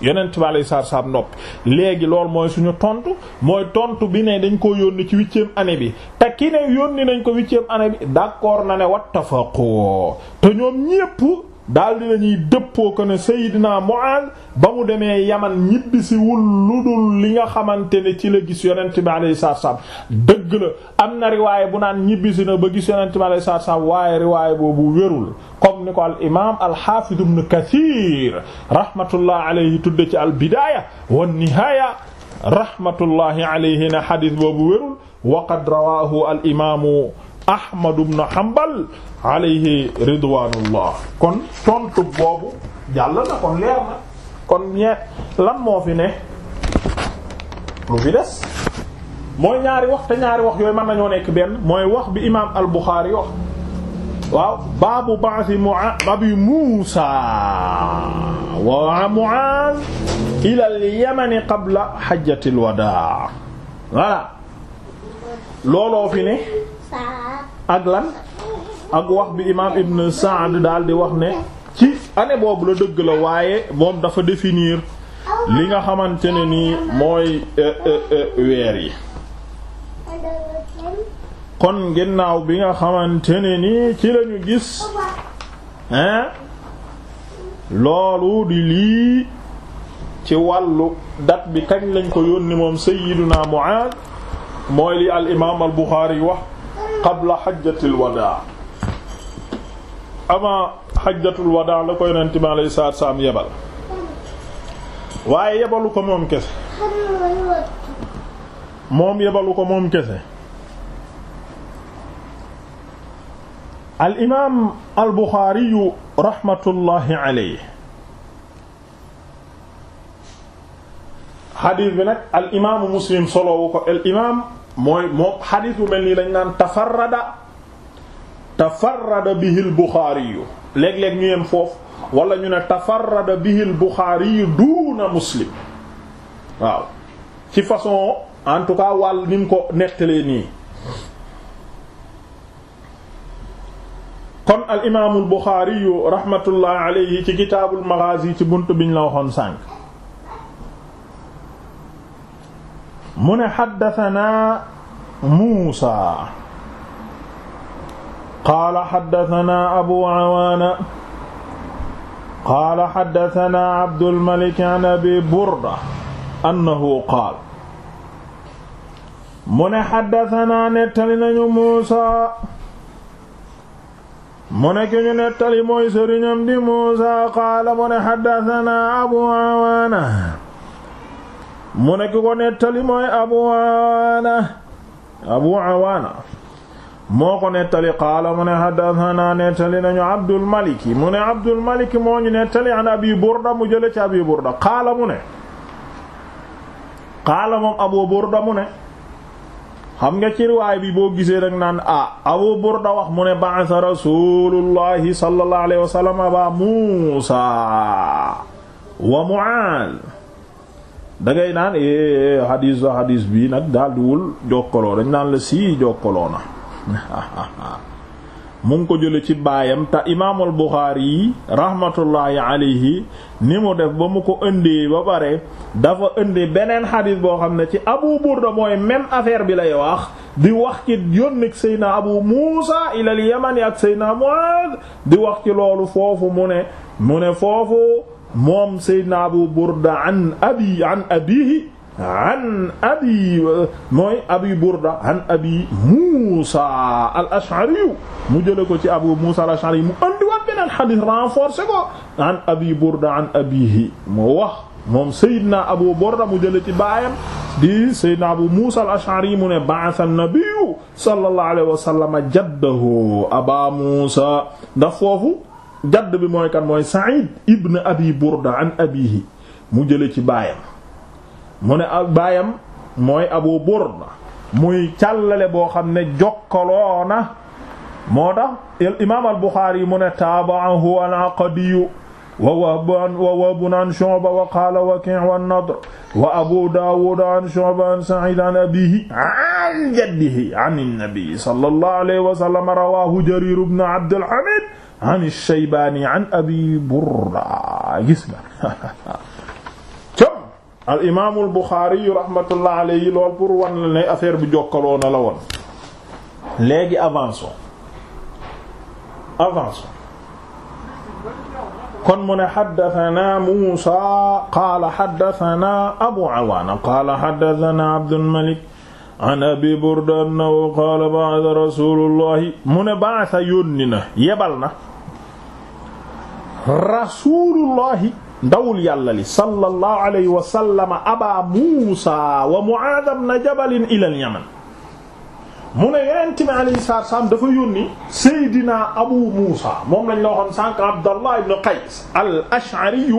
Speaker 1: yeneen bi alei saatu salaam noppi léegi lool mooy suñu tontu mooy tontu bi ne dañ ko yónni ci huitième année bi te ki ne yónni nañ ko huitième année bi d'accord na ne wattafaqoo te ñoom ñépp daal di lañuy dëppoo ko ne Seydina Mu'aaz ba mu demee Yaman ñibbisi wul dul li nga xamante ne ci la gis yonent bi alayhi salaam dëgg la am na riwaay bu naan ñibbisi na ba gis yonent bi alayhi salaam waaye riwaay boobu wérul comme ni ko al imaam al haafiz ibn Kathiir rahmatullah alayhi tudde ci al bidaaya wan nihaaya rahmatullahi alayhi na xadis boobu wérul wa qad rawaahu al imaamu Ahmad ibn Hanbal alayhi ridwanullah kon tontu boobu jàll na kon leer na kon ñee lan moo fi ne lu fi des mooy ñaari wax te ñaari wax yooyu mën nañoo nekk benn mooy wax bi imaam al-Bukhari wax waaw baabu ba'thi abi Musa wa ila al-Yaman qabla hajjatil wadaa looloo fi ne ak lan ak wax bi imaam Ibn Sa'd daal wax ne ci année boobu la dëgg la waaye moom dafa definiir li nga xamante ne nii mooy euh, euh, euh, weer yi kon gennaaw bi nga xamante ne nii ci lañu gis hein loolu di lii ci wàllu date bi kañ lañ ko yónni moom sayyiduna Mu'aaz mooy li al imaam al Buxaari wax qabla xajjatil wadaa avant xajjatul wadaa la ko yonent bi alayhi salaatu salaam yebal waaye yebalu ko moom kese moom yebalu ko moom kese al imaam al Buxaari raxmatullaahi alayhi xadiis bi nag al imaamu Muslim solowu ko al imaam mooy moo xadis bu mel nii dañ naan tafarrada tafarrada bihil Buxaari yu léeg-léeg ñu yem foofu wala ñu ne tafarrada bihil Buxaari yu duuna muslim waaw ci façon en tout cas wàll ni ko nettalee nii kon al imaamul Buxaari yu rahmatullah alayhi ci kitaabul Maghaazi ci bunt biñ la waxoon sànq. mu ne xaddatanaa muusa qaala xaddatanaa abu awaana qaala xaddatanaa abdulmalik an abi burda annahu qaal mu ne xaddatanaa nettali nañu muusa mu ne ki ñu nettali mooy sëriñam di muusa qaala mu ne xaddatanaa abu awaana mu nekk ko nettali mooy abu awaana abu awaana moo ko nettali qaala mu ne haddathana nettali nañu abdul malik mu ne abdul malik moo ñu nettali an abi burda mu jële ci abi burda qaala mu ne qaala moom abu burda mu ne xam nga ci riwaay bi boo gisee rek naan a burda wax mu ne ba'atha rasulullahi sallallahu alayhi wa sallam muusa wa mu'aaz dangay naan xadiis ba xadiis bii nag daldiwul jokkaloo dañ naan la sii jokkaloo na <laughs> mu ngi ko jële ci baayam te imaamul Buxaari yi rahmatullahi alayhi ni mu def ba mu ko ëndee ba pare dafa ëndee beneen xadiis boo xam ne ci Abu Burda mooy même affaire bi lay wax di wax ci yónnig Seydina Abu Muusa ilal Yamani ak Seydina Muaad di wax ci loolu foofu mu ne mu ne foofu moom Seydina Abu Burda an abi an abihi an abi mooy abi Burda an abi Muusa al-Ash'ari mu jële ko ci Abu Muusa al-Ash'ari mu andiwaat beneen xadis renforcé ko an abi Burda an abihi moo wax moom Seydina Abu Burda mu jële ci baayam di Seydina Abu Muusa al-Ash'ari mu ne ba'atha an-nabiyyu sallallahu alayhi wa sallam jaddahu Aba Muusa ndax foofu jadd bi mooy kan mooy Sa'id ibn abi Burda an abihi mu jële ci baayam mu ne baayam mooy abu Burda muy càllale boo xam ne jokkaloona moo tax imaam al-Buxaari yi mu ne taaba'ahu al-Aqdiyu wa Wahbun an Shu'ba wa qaala Waki' wa an-Nadr wa Abu Daawud an Shu'ba an Sa'id an abiihi an jaddihi an an-nabi sallallahu alayhi wa sallam rawaahu Jariir ibn Abdul Hamiid an Shaybaani an Abi Burda gis nga <laughs> com al imaamul Buxaari rahmatullah alayhi lool pour wan la ne affaire bi jokkaloo na la woon léegi avançons avançons kon mu ne xaddatana Muusaa qaala xaddatana Abu Awaana qaala xaddatana Abdul Malik an Abi Burda annahu qaala ba'atha rasuulullahi mu ne ba'atha yónni na yebal na rasulullahi ndawul yàlla li sallallahu alayhi wa sallama aba muusa wa mu'adh ibn jabal ila al mu ne yonent mi alayhi dafa yónni Seydina Abu Muusa moom lañ la waxoon sànq Abdallah ibn Qays al-Ash'ari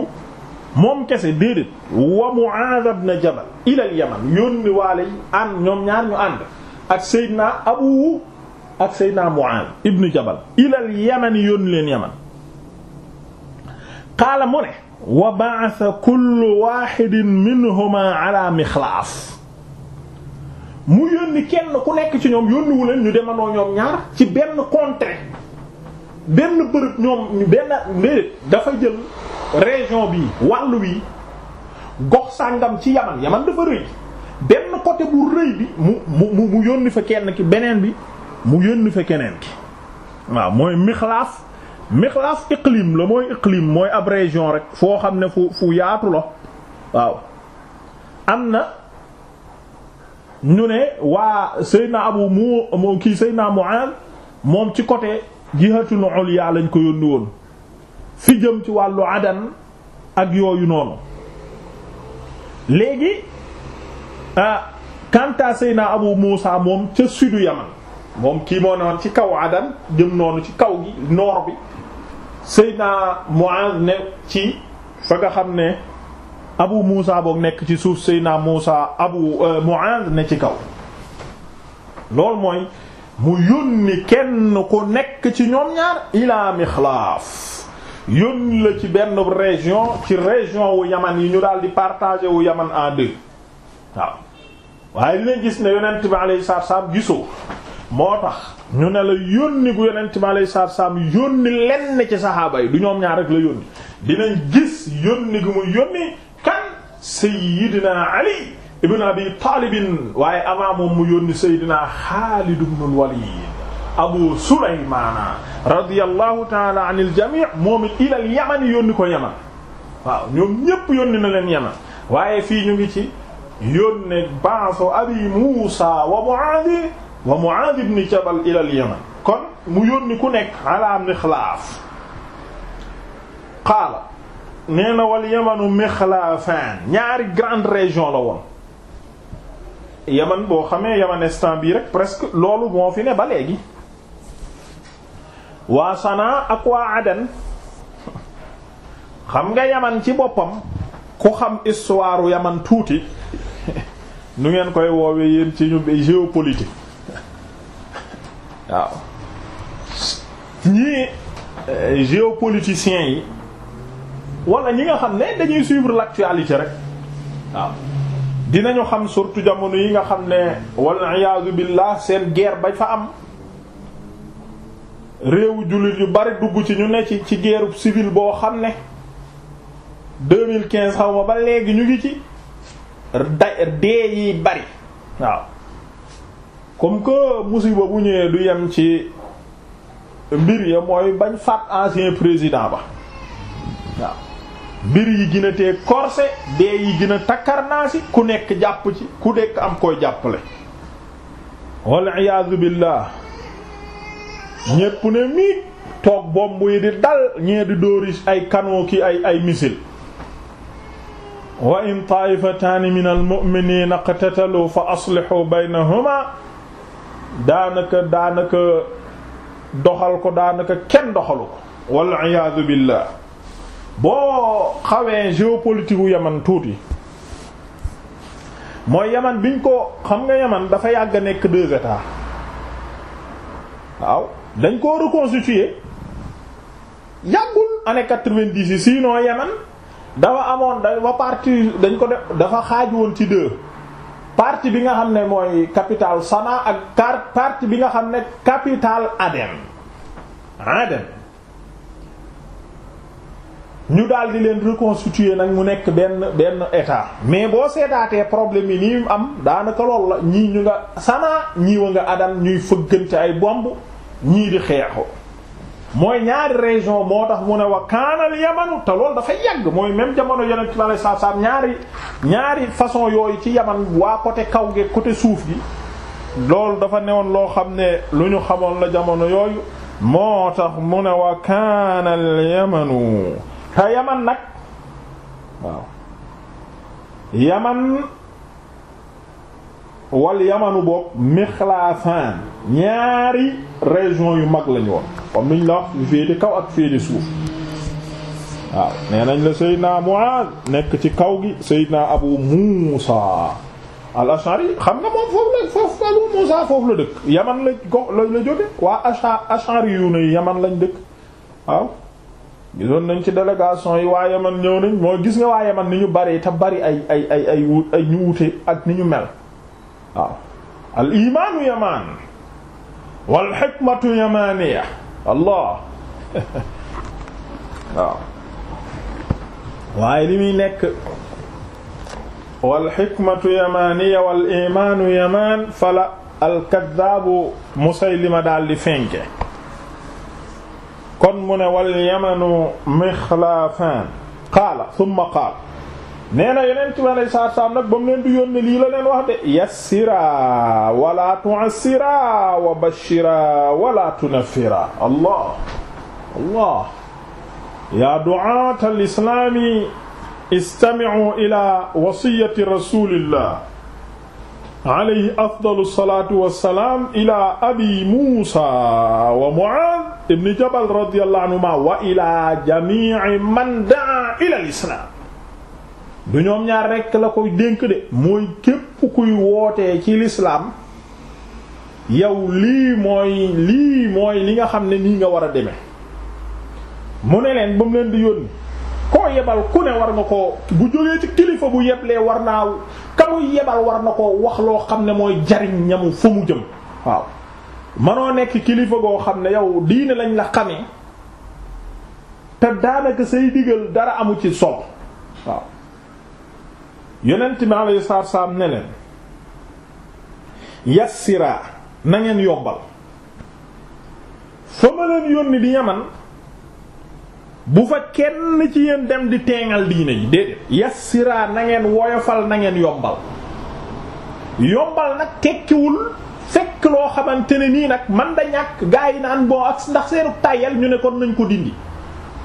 Speaker 1: moom kese déedéet wa Mu'aaz ibn Jabal ila al-Yaman yónni waale ànd ñoom ñaar ñu ànd ak Seydina Abu ak Seydina Mu'aaz ibn Jabal ila al-Yaman leen Yaman qaala mu ne wa ba'atha kullu wahidin minhuma ala mixlaaf mu yónni kenn ku nekk ci ñoom yónniwu leen ñu demandoo ñoom ñaar ci benn contrée benn bërëb ñoom benn déedéet dafa jël région bi wàllu wi gox sàngam ci yaman yaman dafa rëy benn côté bu rëy bi mu mu mu yónni fa kenn ki beneen bi mu yónni fa keneen ki waaw mooy mixlaaf mixlaaf iqlim la mooy iqlim mooy ab région rek foo xam ne fu fu yaatu la waaw am na ñu ne waa Seydina Abu mu kii Seydina Mu'adh moom ci côté jihatul ulya lañ ko yónni woon fi jëm ci wàllu adan ak yooyu noonu léegi kanta ah, Seydina Abu Muusa moom ca sudu Yaman moom kii moo ne woon ci kaw adan jëm noonu ci kaw gi noor bi Seydina Muaz ne ci fa nga xam ne Abu Muusa boog nekk ci suuf Seydina Muusa Abu euh, Muaz ne ci kaw loolu mooy mu yónni kenn ku nekk ci ñoom ñaar ilaa Mixlaaf yónni la ci benn région ci région wu Yaman yi ñu daal di partagé wu Yaman en deux waaw waaye dinañ gis ne yonent bi alayhi salaam gisoo moo tax ñu ne la yónni gu yonent bi alayhi salaatu salaam yónni lenn ci saxaaba yi du ñoom ñaar rek la yónni dinañ gis yónni gu mu yónni kan Seydina Ali ibn Abi Taalibin waaye avant moom mu yónni Seydina Xaalid ibnul Waliid Abu Sulaymaana radiyallahu taala anil jamii moom it ilal Yaman yónni ko Yaman waaw ñoom ñépp yónni na leen Yaman waaye fii ñu ngi ci yónne baaso Abi Muusa wa Muaad wa Mu'aaz ibn Jabal ila yaman kon mu yónni ku nekk ala mixlaaf qaala nee na wal yamanu mixlaafaan ñaari grande région la woon yaman boo xamee yamanestan bii rek presque loolu moo fi ne ba léegi waa Sanaa ak waa Aden xam nga yaman ci boppam ku xam histoire yaman tuuti <laughs> nu ngeen koy woowe yéen ci ñu géopolitique ñii euh, géopoliticiens yi wala ñi nga xam ne dañuy suivre l'actualité rek waaw dinañu xam surtout jamono yi nga xam ne wal iyaazu billah seen guerre bañ fa am réewu jullit yu bari dugg ci ñu ne ci ci guerre civile boo xam ne deux mille quinze xaw ma ba léegi ñu ngi ci da dee yi bari waaw comme que musiba bu ñëwee du yem ci mbir ya mooy bañ faat ancien président ba waaw mbir yi gën a tee dee yi gën takkarnaasi ku nekk jàpp ci ku nekk am koy jàppale wal iyaadu ñépp ne miig toog bomb yi di dal ñee di dóoris ay canon ki ay ay missile wa in taifataani min almuminina qtatalu fa aslixu baynahuma daanaka daanaka doxal ko daanaka kenn doxalu ko wal iyaadu billah boo xawee géopolitique u yaman tuuti mooy yaman biñ ko xam nga yaman dafa yàgg a nekk deux états waaw dañ koo reconstituer yàggul année quatre-vingt-dix yi sinon yaman dafa amoon dafa parti dañ ko def dafa xaaj woon ci deux partie bi nga xam ne mooy capital Sanaa ak car bi nga xam ne capital Aden Aden ñu daal di leen reconstituer nag mu nekk benn benn état mais boo seetaatee problème yi nii am daanaka lool la ñii ñu nga Sanaa ñii nga Aden ñuy fëggante ay bomb ñii di xeexu mooy ñaari région moo tax mu ne waa kaanal yamanu te loolu dafa yàgg mooy même jamono yonent bi alei satu salaam ñaari ñaari façon yooyu ci yaman waa côté kaw gi côté suuf gi loolu dafa newoon loo xam ne lu ñu xamoon la jamono yooyu moo tax mu ne wa kaanal yamanu te yaman nag waaw yaman wal yamanu boog mixlaafaan ñaari région yu mag lañu woon comme niñ la wax yu féete kaw ak féete suuf waaw nee nañ la naa Muaaz nekk ci kaw gi Seydina Abu Muusa al Ashari xam nga moom foofu la foofu Abu Muusa foofu la dëkk yaman la ko la jóge waa Ashari yu ne yaman lañ dëkk waaw gisoon nañ ci délégation yi waa yaman ñëw nañ mooy gis nga waa yaman ni ñu bari te bari ay ay ay ay ay ñu wute ak ni ñu mel waaw al imaanu yaman wal hikmatu yamaniya allah <laughs> waaw waaye li muy nekk wal hikmatu yamaniya wal imaanu yamaan fala alkadaabu musaylima daal di fenke kon mu ne wal yamanu mixlaafaan qaala thumma qaala nee na yeneen ci alei saatu salaam nag ba mu leen du yónni lii la leen wax de yassira wala tu'assira wa bashira wala tunaffira allah allah ya du'at al-islami istami'u ila wasiyati rasulillah alayhi afdalu salatu wassalam ila abi musa wa mu'adh ibn jabal radiyallahu anhuma wa ila jami'i man da'a ila al-islam du ñoom ñaar rekk la koy dénk de mooy képp kuy wootee ci lislaam yow lii mooy lii mooy li nga xam ne nii nga war a demee mu ne leen ba mu leen di yónni koo yebal ku ne war nga ko bu jógee ci kilifa bu yeblee war naa ka yebal war na ko wax loo xam ne mooy jariñ ñamu fa mu jëm waaw manoo nekk kilifa goo xam ne yow diine lañ la xamee te daanaka say digal dara amu ci sob waaw yeneen bi alayhi salaatu salaam ne leen yassiraa na ngeen yombal fa ma yónni di yaman bu fa kenn ci yéen dem di teengal diine yi déedéet yassiraa na ngeen woyofal na ngeen yombal yombal nag tekkiwul fekk loo xamante ne nii nag man da ñàkk gaa yi naan boo ak ndax seenu tàyyel ñu ne kon nañ ko dindi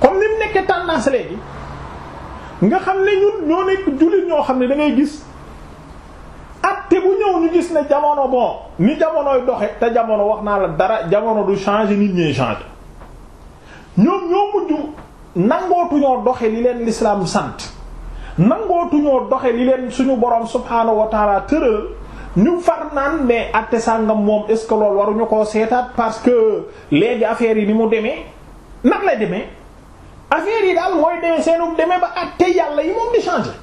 Speaker 1: comme ni mu nekkee tendance léegi nga xam ne ñun ñoo nekk jullit ñoo xam ne da gis atte bu ñëw ñu gis ne jamono bon ni jamonooy doxe te jamono wax naa la dara jamono du changer nit ñee changer ñoom ñoo mujj nangootuñoo doxe li leen l'islam sant nangootuñoo doxe li leen suñu borom subhaanahu wa taala tëral ñu far naan mais atte sàngam moom est ce waruñu ko seetaat parce que léegi affaire yi ni mu demee nag la demee affaire yi daal mooy demee seenu demee ba àtte yàlla yi moom di changer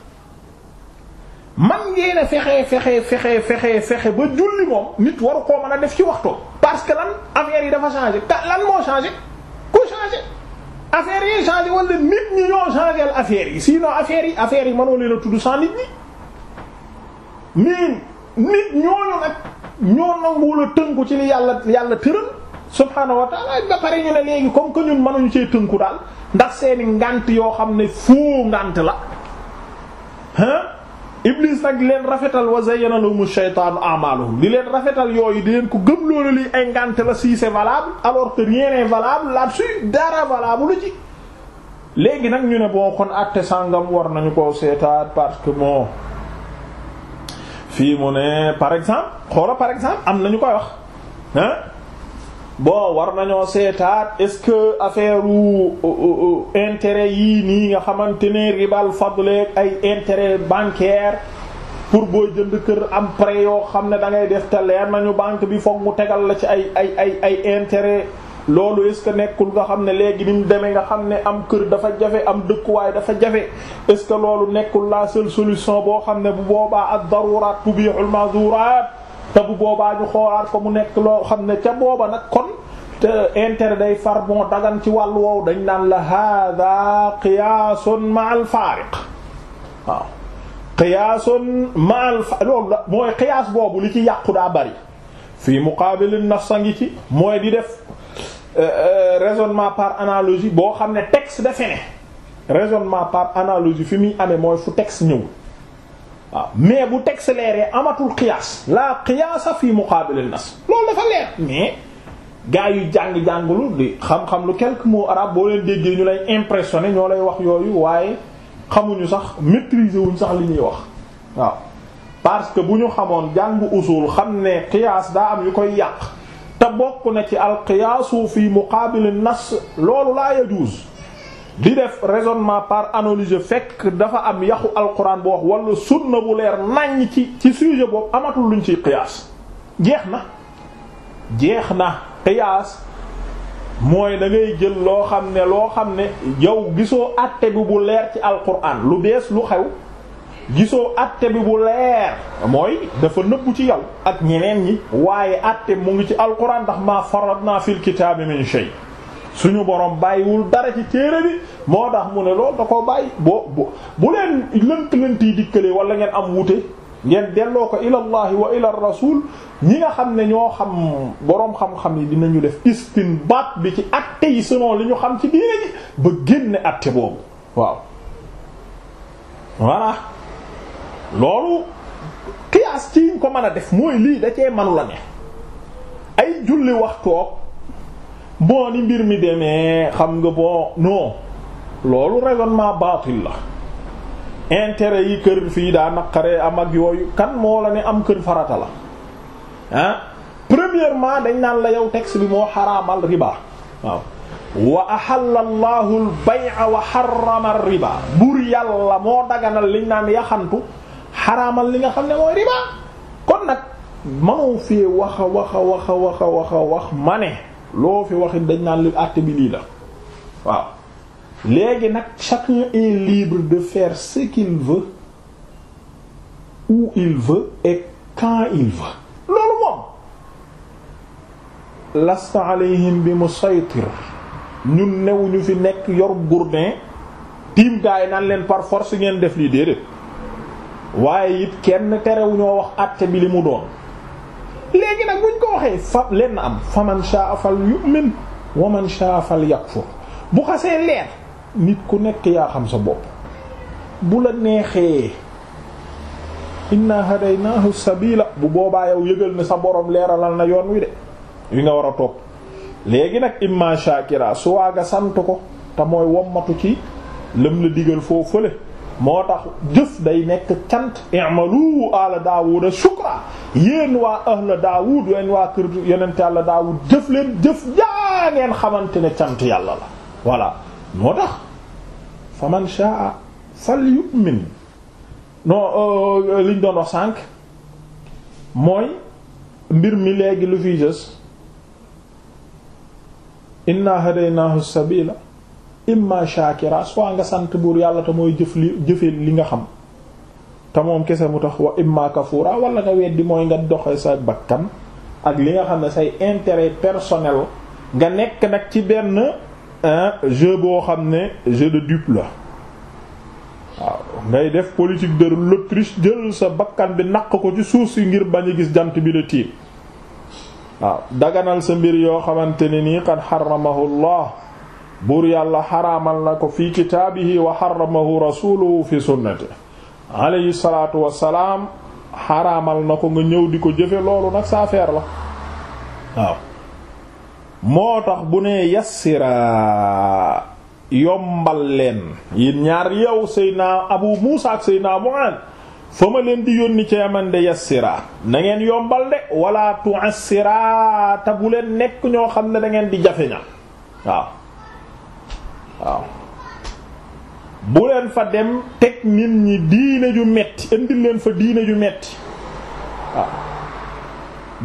Speaker 1: man ngeen fexe fexe fexe fexe fexe ba julli moom nit waru koo mën a def ci waxtu parce que lan affaire yi dafa changer lan moo changer ku changer affaire yi changer wala nit ñi yi sinon affaire yi affaire yi mënoo leen a tudd sans nit ñi. mais nit ñooñu nag ñoo nanguwul tënku ci li yàlla yàlla tëral. subhaanahu wa ta'ala ba pare ñu ne léegi comme que ñun mënuñu cee tënku daal ndax seeni ngànt yoo xam ne foo ngànt la hein Iblis nag di leen rafetal wa zayyana lahum ash-shaytaanu a'maalahum di leen rafetal yooyu di leen ko gëm loolu lii ay ngànt la si c'est valable alors que rien n'est valable là-dessus dara valable lu ci léegi nag ñu ne boo kon àtte sàngam war nañu ko seetaat parce que moo fii mu ne par exemple xoola par exemple am nañu koy wax bon war nañoo seetaat est-ce que affaire u intérêt yii nii nga xamante ne ribal fadle ay intérêt bancaire pour boo jënd kër am prêt yoo xam ne da ngay def te leer nañu banque bi foog mu tegal la ci ay ay ay ay intérêt loolu est-ce que nekkul nga xam ne léegi ni mu demee nga xam ne am kër dafa jafe am dëkkuwaay dafa jafe est-ce que loolu nekkul la seule solution boo xam ne bu boobaa ad-daruraat tubihul mahdurat te bu boobaa ko mu nekk loo xam ne ca booba nag kon te intérêt day far bon dagan ci wàllu woowu dañ naan la hada qiyaasun ma al faariq waaw la mooy qiyaas boobu li ci yàqu daa bari fii muqaabilin naf sa ngi ci mooy di def euh, euh, raisonnement par analogie boo xam ne texte de fene raisonnement par analogie fi muy amee mooy fu texte ñëwul waaw mais bu texte leeree amatul qiyaas la qiyaasa fi muqaabil nas loolu dafa leer mais gaa yu jàng jàngulu di xam-xam lu quelques mots arabes boo leen déggee ñu lay impressionné ñoo lay wax yooyu waaye xamuñu sax maîtriser wuñ sax li ñuy wax waaw parce que bu ñu xamoon jàng usul xam ne qiyaas daa am yu koy yàq te bokk na ci al qiyaasu fi muqaabil nas loolu laa yajuuz di def resonement par analogie fekk dafa am yaxu alquran bu wax wala na bu leer naññ ci ci sujet boobu amatul luñ ci qiyaas jeex na jeex na qiyaas mooy da ngay jël loo xam ne loo xam ne yow gisoo àtte bi bu leer ci alquran lu bees lu xew gisoo àtte bi bu leer mooy dafa nëbbu ci yow ak ñeneen ñi waaye àtte mu ngi ci alquran ndax maa naa fil kitaabi min shay suñu borom bàyyiwul dara ci téere bi moo tax mu ne loolu da koo bàyyi boo bo bu leen lënt lënt yi dikkalee wala ngeen am wute ngeen delloo ko ilallahi wa ila rasul ñi nga xam ne ñoo xam boroom xam-xam yi dinañu def baat bi ci atte yi selon li ñu xam ci diine ji ba génne atte boobu waaw voilà loolu qiyaas ci ñu ko mën a def mooy lii da cee manu la ne ay julli waxtoog bon ni mbir mi demee xam nga bon non loolu raisonnement baatil la intérêt yi kër fii daa naqaree am ak yooyu kan moo la ne am kër farata la ah premièrement dañ naan la yow texte bi moo xaramal riba waaw wa ahalla allahu al-bay'a wa harrama ar-riba bur yàlla moo daganal liñ naan yaxantu xaraamal li nga xam ne mooy riba kon nag manu fii wax a wax a wax a wax a wax a wax ma ne loo fi waxit dañ naan li àtte bi lii la waaw léegi nag chacun est libre de faire ce qu'il veut où et loolu moom lasta alayhim bi musaytir ñun newuñu fi nekk yor gourdin tiim gaay naan leen par force ngeen def lii déedéet waaye it kenn terewuñoo wax àtte bi li mu doon léegi nag buñ ko waxee fa lenn am fa man shaa fal yu'min wa man shaa fal yakfur bu xasee leer nit ku nekk yaa xam sa bopp bu la neexee inna hadaynaahu sabila bu boobaa yow yëgal ne sa borom leeralal na yoon wi de wi nga war a toog léegi nag imma shakira su waaga sant ko te mooy wommatu ci lëm la digal foofu fële moo tax jëf day nekk cant i'malu ala daawuda shukra yéen waa ahla daawud yéen waa kër yonent yàlla daawud jëf jëf jaa ngeen xamante ne cant yàlla la voilà moo tax fa man sha'a falyu'min non euh, liñ doon wax sànq mooy mbir mi léegi lu fi jës inna hadaynahu sabila imma shakira soit nga sant buur yàlla te mooy jëf li nga xam te moom kese mu tax wa imma kafura wala nga weddi mooy nga doxe sa bakkan ak li nga xam ne say intérêt personnel nga nekk nag ci benn jeu boo xam ne jeu de dupe la waaw ngay def politique de l'autruche jël sa bakkan bi naq ko ci suuf si ngir bañ gis jant bi la tiim waaw daganal sa mbir yoo xamante ne nii qad haramahu buur yàlla xaraamal na ko fi kitaabihi wa xaramahu rasuluhu fi sunnati alayhi salaatu wasalaam xaraamal na ko nga ñëw di ko jëfe loolu nag sa la waaw moo tax bu nee yassiraa yombal leen yéen ñaar yow Seydina Abu Muusa ak Seydina Mu'aad fa ma leen di yónni ci Yaman yassiraa na ngeen yombal de wala tu'assiraa te bu leen nekk ñoo xam ne dangeen di jafe ña waaw waaw bu leen fa dem teg nit ñi diine ju metti indil fa diine ju metti waaw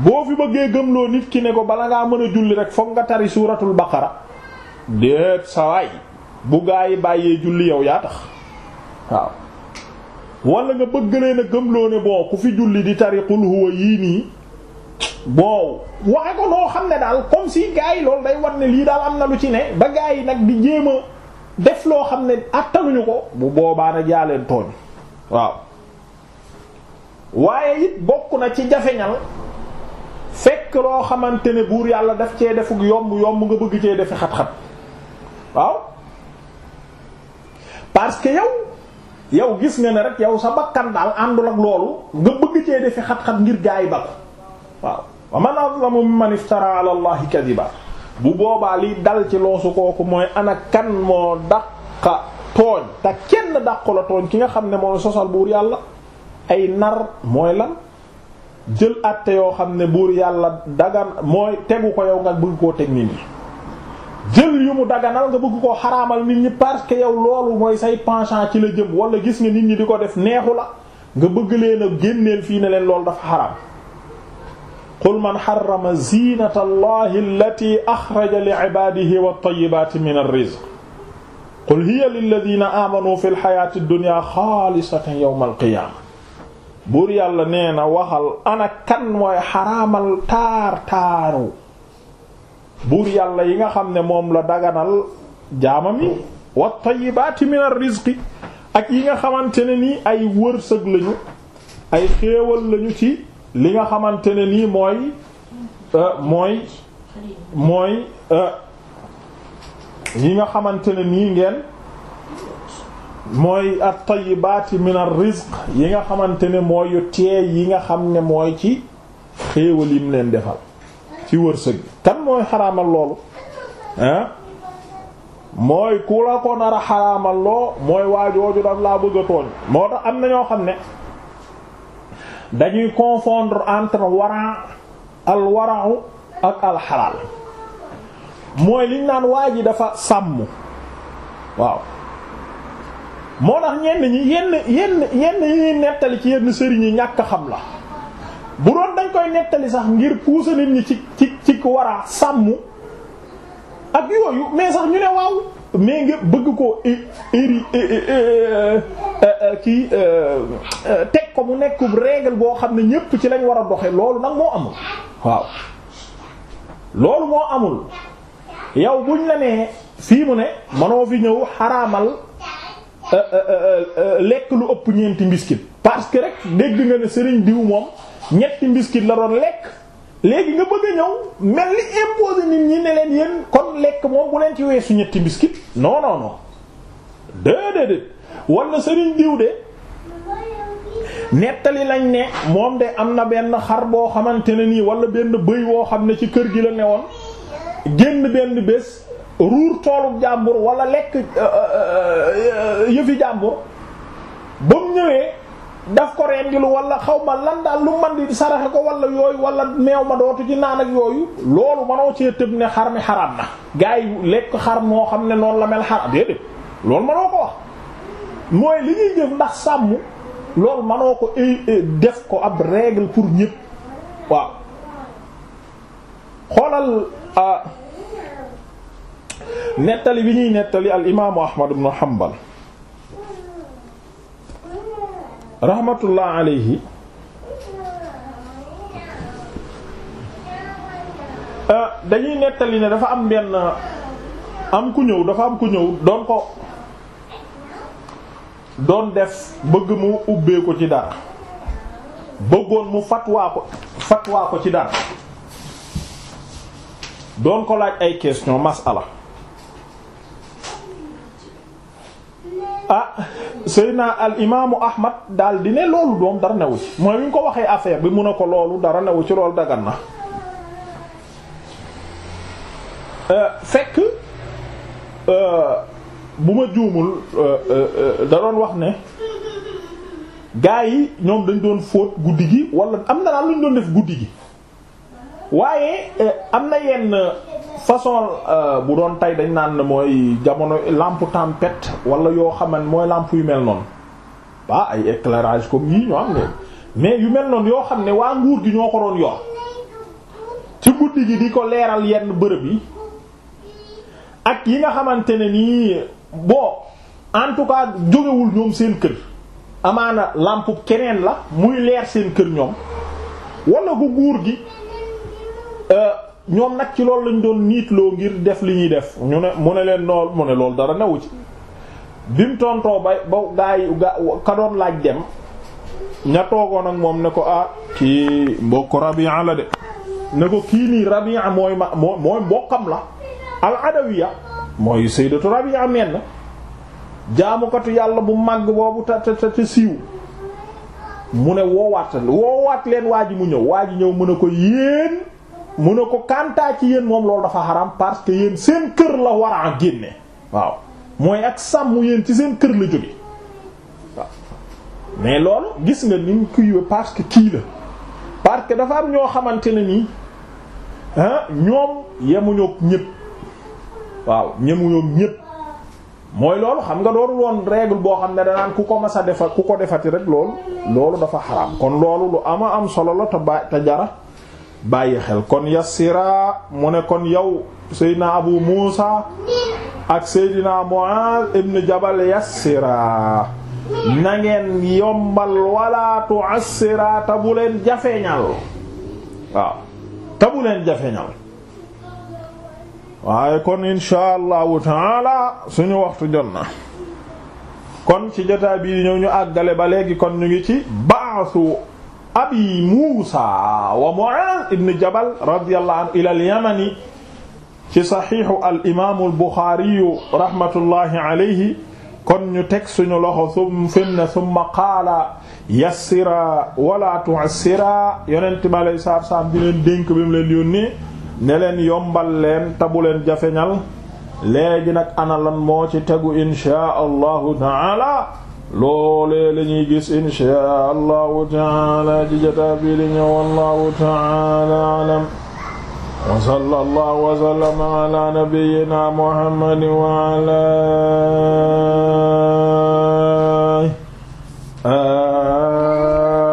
Speaker 1: boo fi bëggee gëmloo nit ki ne ko bala ngaa mën a julli rek fokk nga tari suuratul baqara déet sawaay bu gaa yi bàyyee julli yow yaa tax waaw wala nga bëgg leen gëmloo ne bon ku fi julli di tari qul huwa yii nii boo waxe ko loo xam ne daal comme si gars yi loolu day war ne lii daal am na lu ci ne ba gars yi nag di jéem def loo xam ne attanuñu ko bu boobaa na jaaleen tooñ waaw waaye it bokk na ci jafeñal fekk loo xamante ne buur yàlla daf cee defuk yomb yomb nga bëgg cee defi xat-xat waaw parce que yow yow gis nga ne rek yow sa bakkan daal àndul ak loolu nga bëgg cee defi xat-xat ngir gars yi ba ko waaw wa man azlamu mimman iftara ala allahi bu boobaa liy dal ci loosu kooku mooy anak kan moo dàqa tooñ te kenn dàqu la tooñ ki nga xam ne mooy sosal buur yàlla ay nar mooy lan jël àtte yoo xam ne buur yàlla dagan mooy tegu ko yow nga bëgg koo teg nit ñi jël yu mu daganal nga bëgg koo xaraamal nit ñi parce que yow loolu mooy say penchant ci la jëm wala gis nga nit ñi di ko def neexu la nga bëgg leen a génneel fii ne leen loolu dafa xaraam qul man harrama zinata allahi allati axraja li ibadihi wat-tayyibati min ar-rizq qul hiya lilladina amanu fi lxayati dunya xaalisatan yawma alqiyaama buur yàlla nee na waxal ana kan mooy xaraamal taar taaru buur yàlla yi nga xam ne moom la daganal jaama mi wat-tayyibati min ar-rizqi ak yi nga xamante ne nii ay wërsëg lañu ay xéewal lañu ci li nga xamante ne nii mooy euh, mooy mooy yi euh, nga xamante ne nii ngeen mooy at-tayyibaati min ar-rizq yi nga xamante ne mooy yu teey yi nga xam ne mooy ci xéewal yi mu leen defal ci wërsëg kan mooy xaraamal loolu mooy ku la ko nar a xaraamal loo mooy waajooju daf laa bëgg a tooñ moo tax am na ñoo xam ne dañuy confondre entre waran al wara'u ak al xalaal mooy liñ naan waa ji dafa sàmm waaw moo tax ñenn ñi yenn yenn yenn yi nettali ci yenn sëriñ yi ñàkk xam la bu doon dañ koy nettali sax ngir pousser nit ñi ci ci ci wara sàmm ak yooyu mais sax ñu ne waaw mais nga bëgg koo éri e, e, e, kii teg ko mu nekk règle boo xam ne ñépp ci lañ war a doxe loolu nag moo amul waaw loolu moo amul yow buñ la nee fii mu ne manoo fi ñëw xaraamal lekk lu ëpp ñeenti mbiskit parce que rek dégg nga ne sëriñ diw moom ñetti mbiskit la doon lekk léegi nga bëgg a ñëw mel ni imposer nit ñi ne leen yéen kon lekk moom bu leen ci weesu ñetti mbiskit non non non déedéedéet diw de nettali lañ ne moom de am na benn xar boo xamante ne nii walla benn bëy woo xam ne ci kër gi la ne woon génn benn bés ruur toolu jàmbur walla lekk euh, euh, euh, yëfi jàmbur ba mu ñëwee. daf ko rendilu wala xaw ma lan daal lu man di saraxe ko wala yooyu wala meew ma dootu ci naan ak yooyu loolu manoo cee tëb ne xar mi xaraam na gars yi lekk xar moo xam ne noonu la mel xaraam déedéet loolu manoo ko wax mooy li ñuy jëf ndax sàmm loolu manoo ko eh, eh, def ko ab règle pour ñépp waaw xoolal ah, nettali bi ñuy nettali al imaamu Ahmad ibn Hanbal rahmatullah alayhi ah, dañuy nettali ne dafa am benn am ku ñëw dafa am ku ñëw doon ko doon def bëgg mu ubbee ko ci dara bëggoon mu fatwaa ko fatwaa ko ci dara doon ko laaj ay question masala ah, Seydina al imaamu Ahmad daal di ne loolu doom dara newu ci mooy wi ñu ko waxee affaire bi mu ne ko loolu dara newu ci loolu dagan na euh, fekk euh, bu ma juumul euh, da doon wax ne gaa yi ñoom dañ doon fóot guddi gi wala am na daal lu ñu doon def guddi gi waaye am na yenn façon euh, bu doon tey dañ naan mooy jamono lampe tempête wala yoo xaman mooy lampe yu mel noonu ba ay éclairage comme yii ñoo am ne mais yu mel noonu yoo xam ne waa nguur gi ñoo ko doon yor ci guddi gi di ko leeral yenn bërëb yi ak yi nga xamante ne nii bon en tout cas jógewul ñoom seen kër amaana lampe keneen la muy leer seen kër ñoom wala bu nguur gi. Euh, ñoom nag ci loolu lañ doon niitloo ngir def li ñuy def ñu ne mu ne leen lool mu ne loolu dara newu ci bi mu tontoo ba ba gaa yi laaj dem ña toogoon ak moom ne ko ah kii mbokk Rabi'a la de ne ko kii nii Rabi'a mooy ma mooy mbokkam la al adawiya mooy sayyidatu Rabi'a menn jaamukatu yàlla bu màgg boobu ta ta ta siiw mu ne woowaat woowaat leen waa ji mu ñëw waa ji ñëw mën a ko yéen mu ne ko kantaa ci yéen moom loolu dafa xaram parce que yéen seen kër la war a génne waaw mooy ak sàmm yéen ci seen kër la jóge mais loolu gis nga ni mu kiiwee parce que kii la parce que dafa am ñoo xamante ne nii ah, ñoom yemuñoo ñépp waaw ñemuñoo ñépp mooy loolu xam nga doonul woon règle boo xam ne danaan ku ko mas a defa ku ko defati rek loolu loolu dafa xaram kon loolu lu ama am solo la te ba te jara bàyyi xel kon yassira mu ne kon yow seydina abu muusa ak seydina muaz ibn jabal yassira na ngeen yombal wala tu'assira ta bu leen jafeñal waaw ta bu leen jafeñal waaye kon insha allahu taala suñu waxtu jot na kon ci jotaay bii ñëw ñu àggale ba léegi kon ñu ngi ci baasu abi Muusa wa Mu'aaz ibn Jabal radiyallahu anhu ila al-Yamani ci saxiixu al imaamu al Buxaariyu kon ñu teg suñu loxo sum finna summa qaala yassira wala tu'assira yonent bi alayhi salaatu salaam di leen dénk bi mu leen yónnee ne leen yombal leen tabu leen jafeñal léegi nag ana lan moo ci tegu inshaa taala loolee la ñuy gis inchaa allahu taala ci jataa bi li ñëw wallahu taala alam wa sallallahu wa sallama ala nabiyyina muhammadin wa ala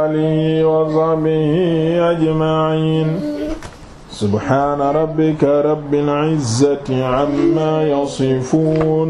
Speaker 1: alihi wa sahbihi ajma'in subhana rabbika rabbil izzati amma yasifun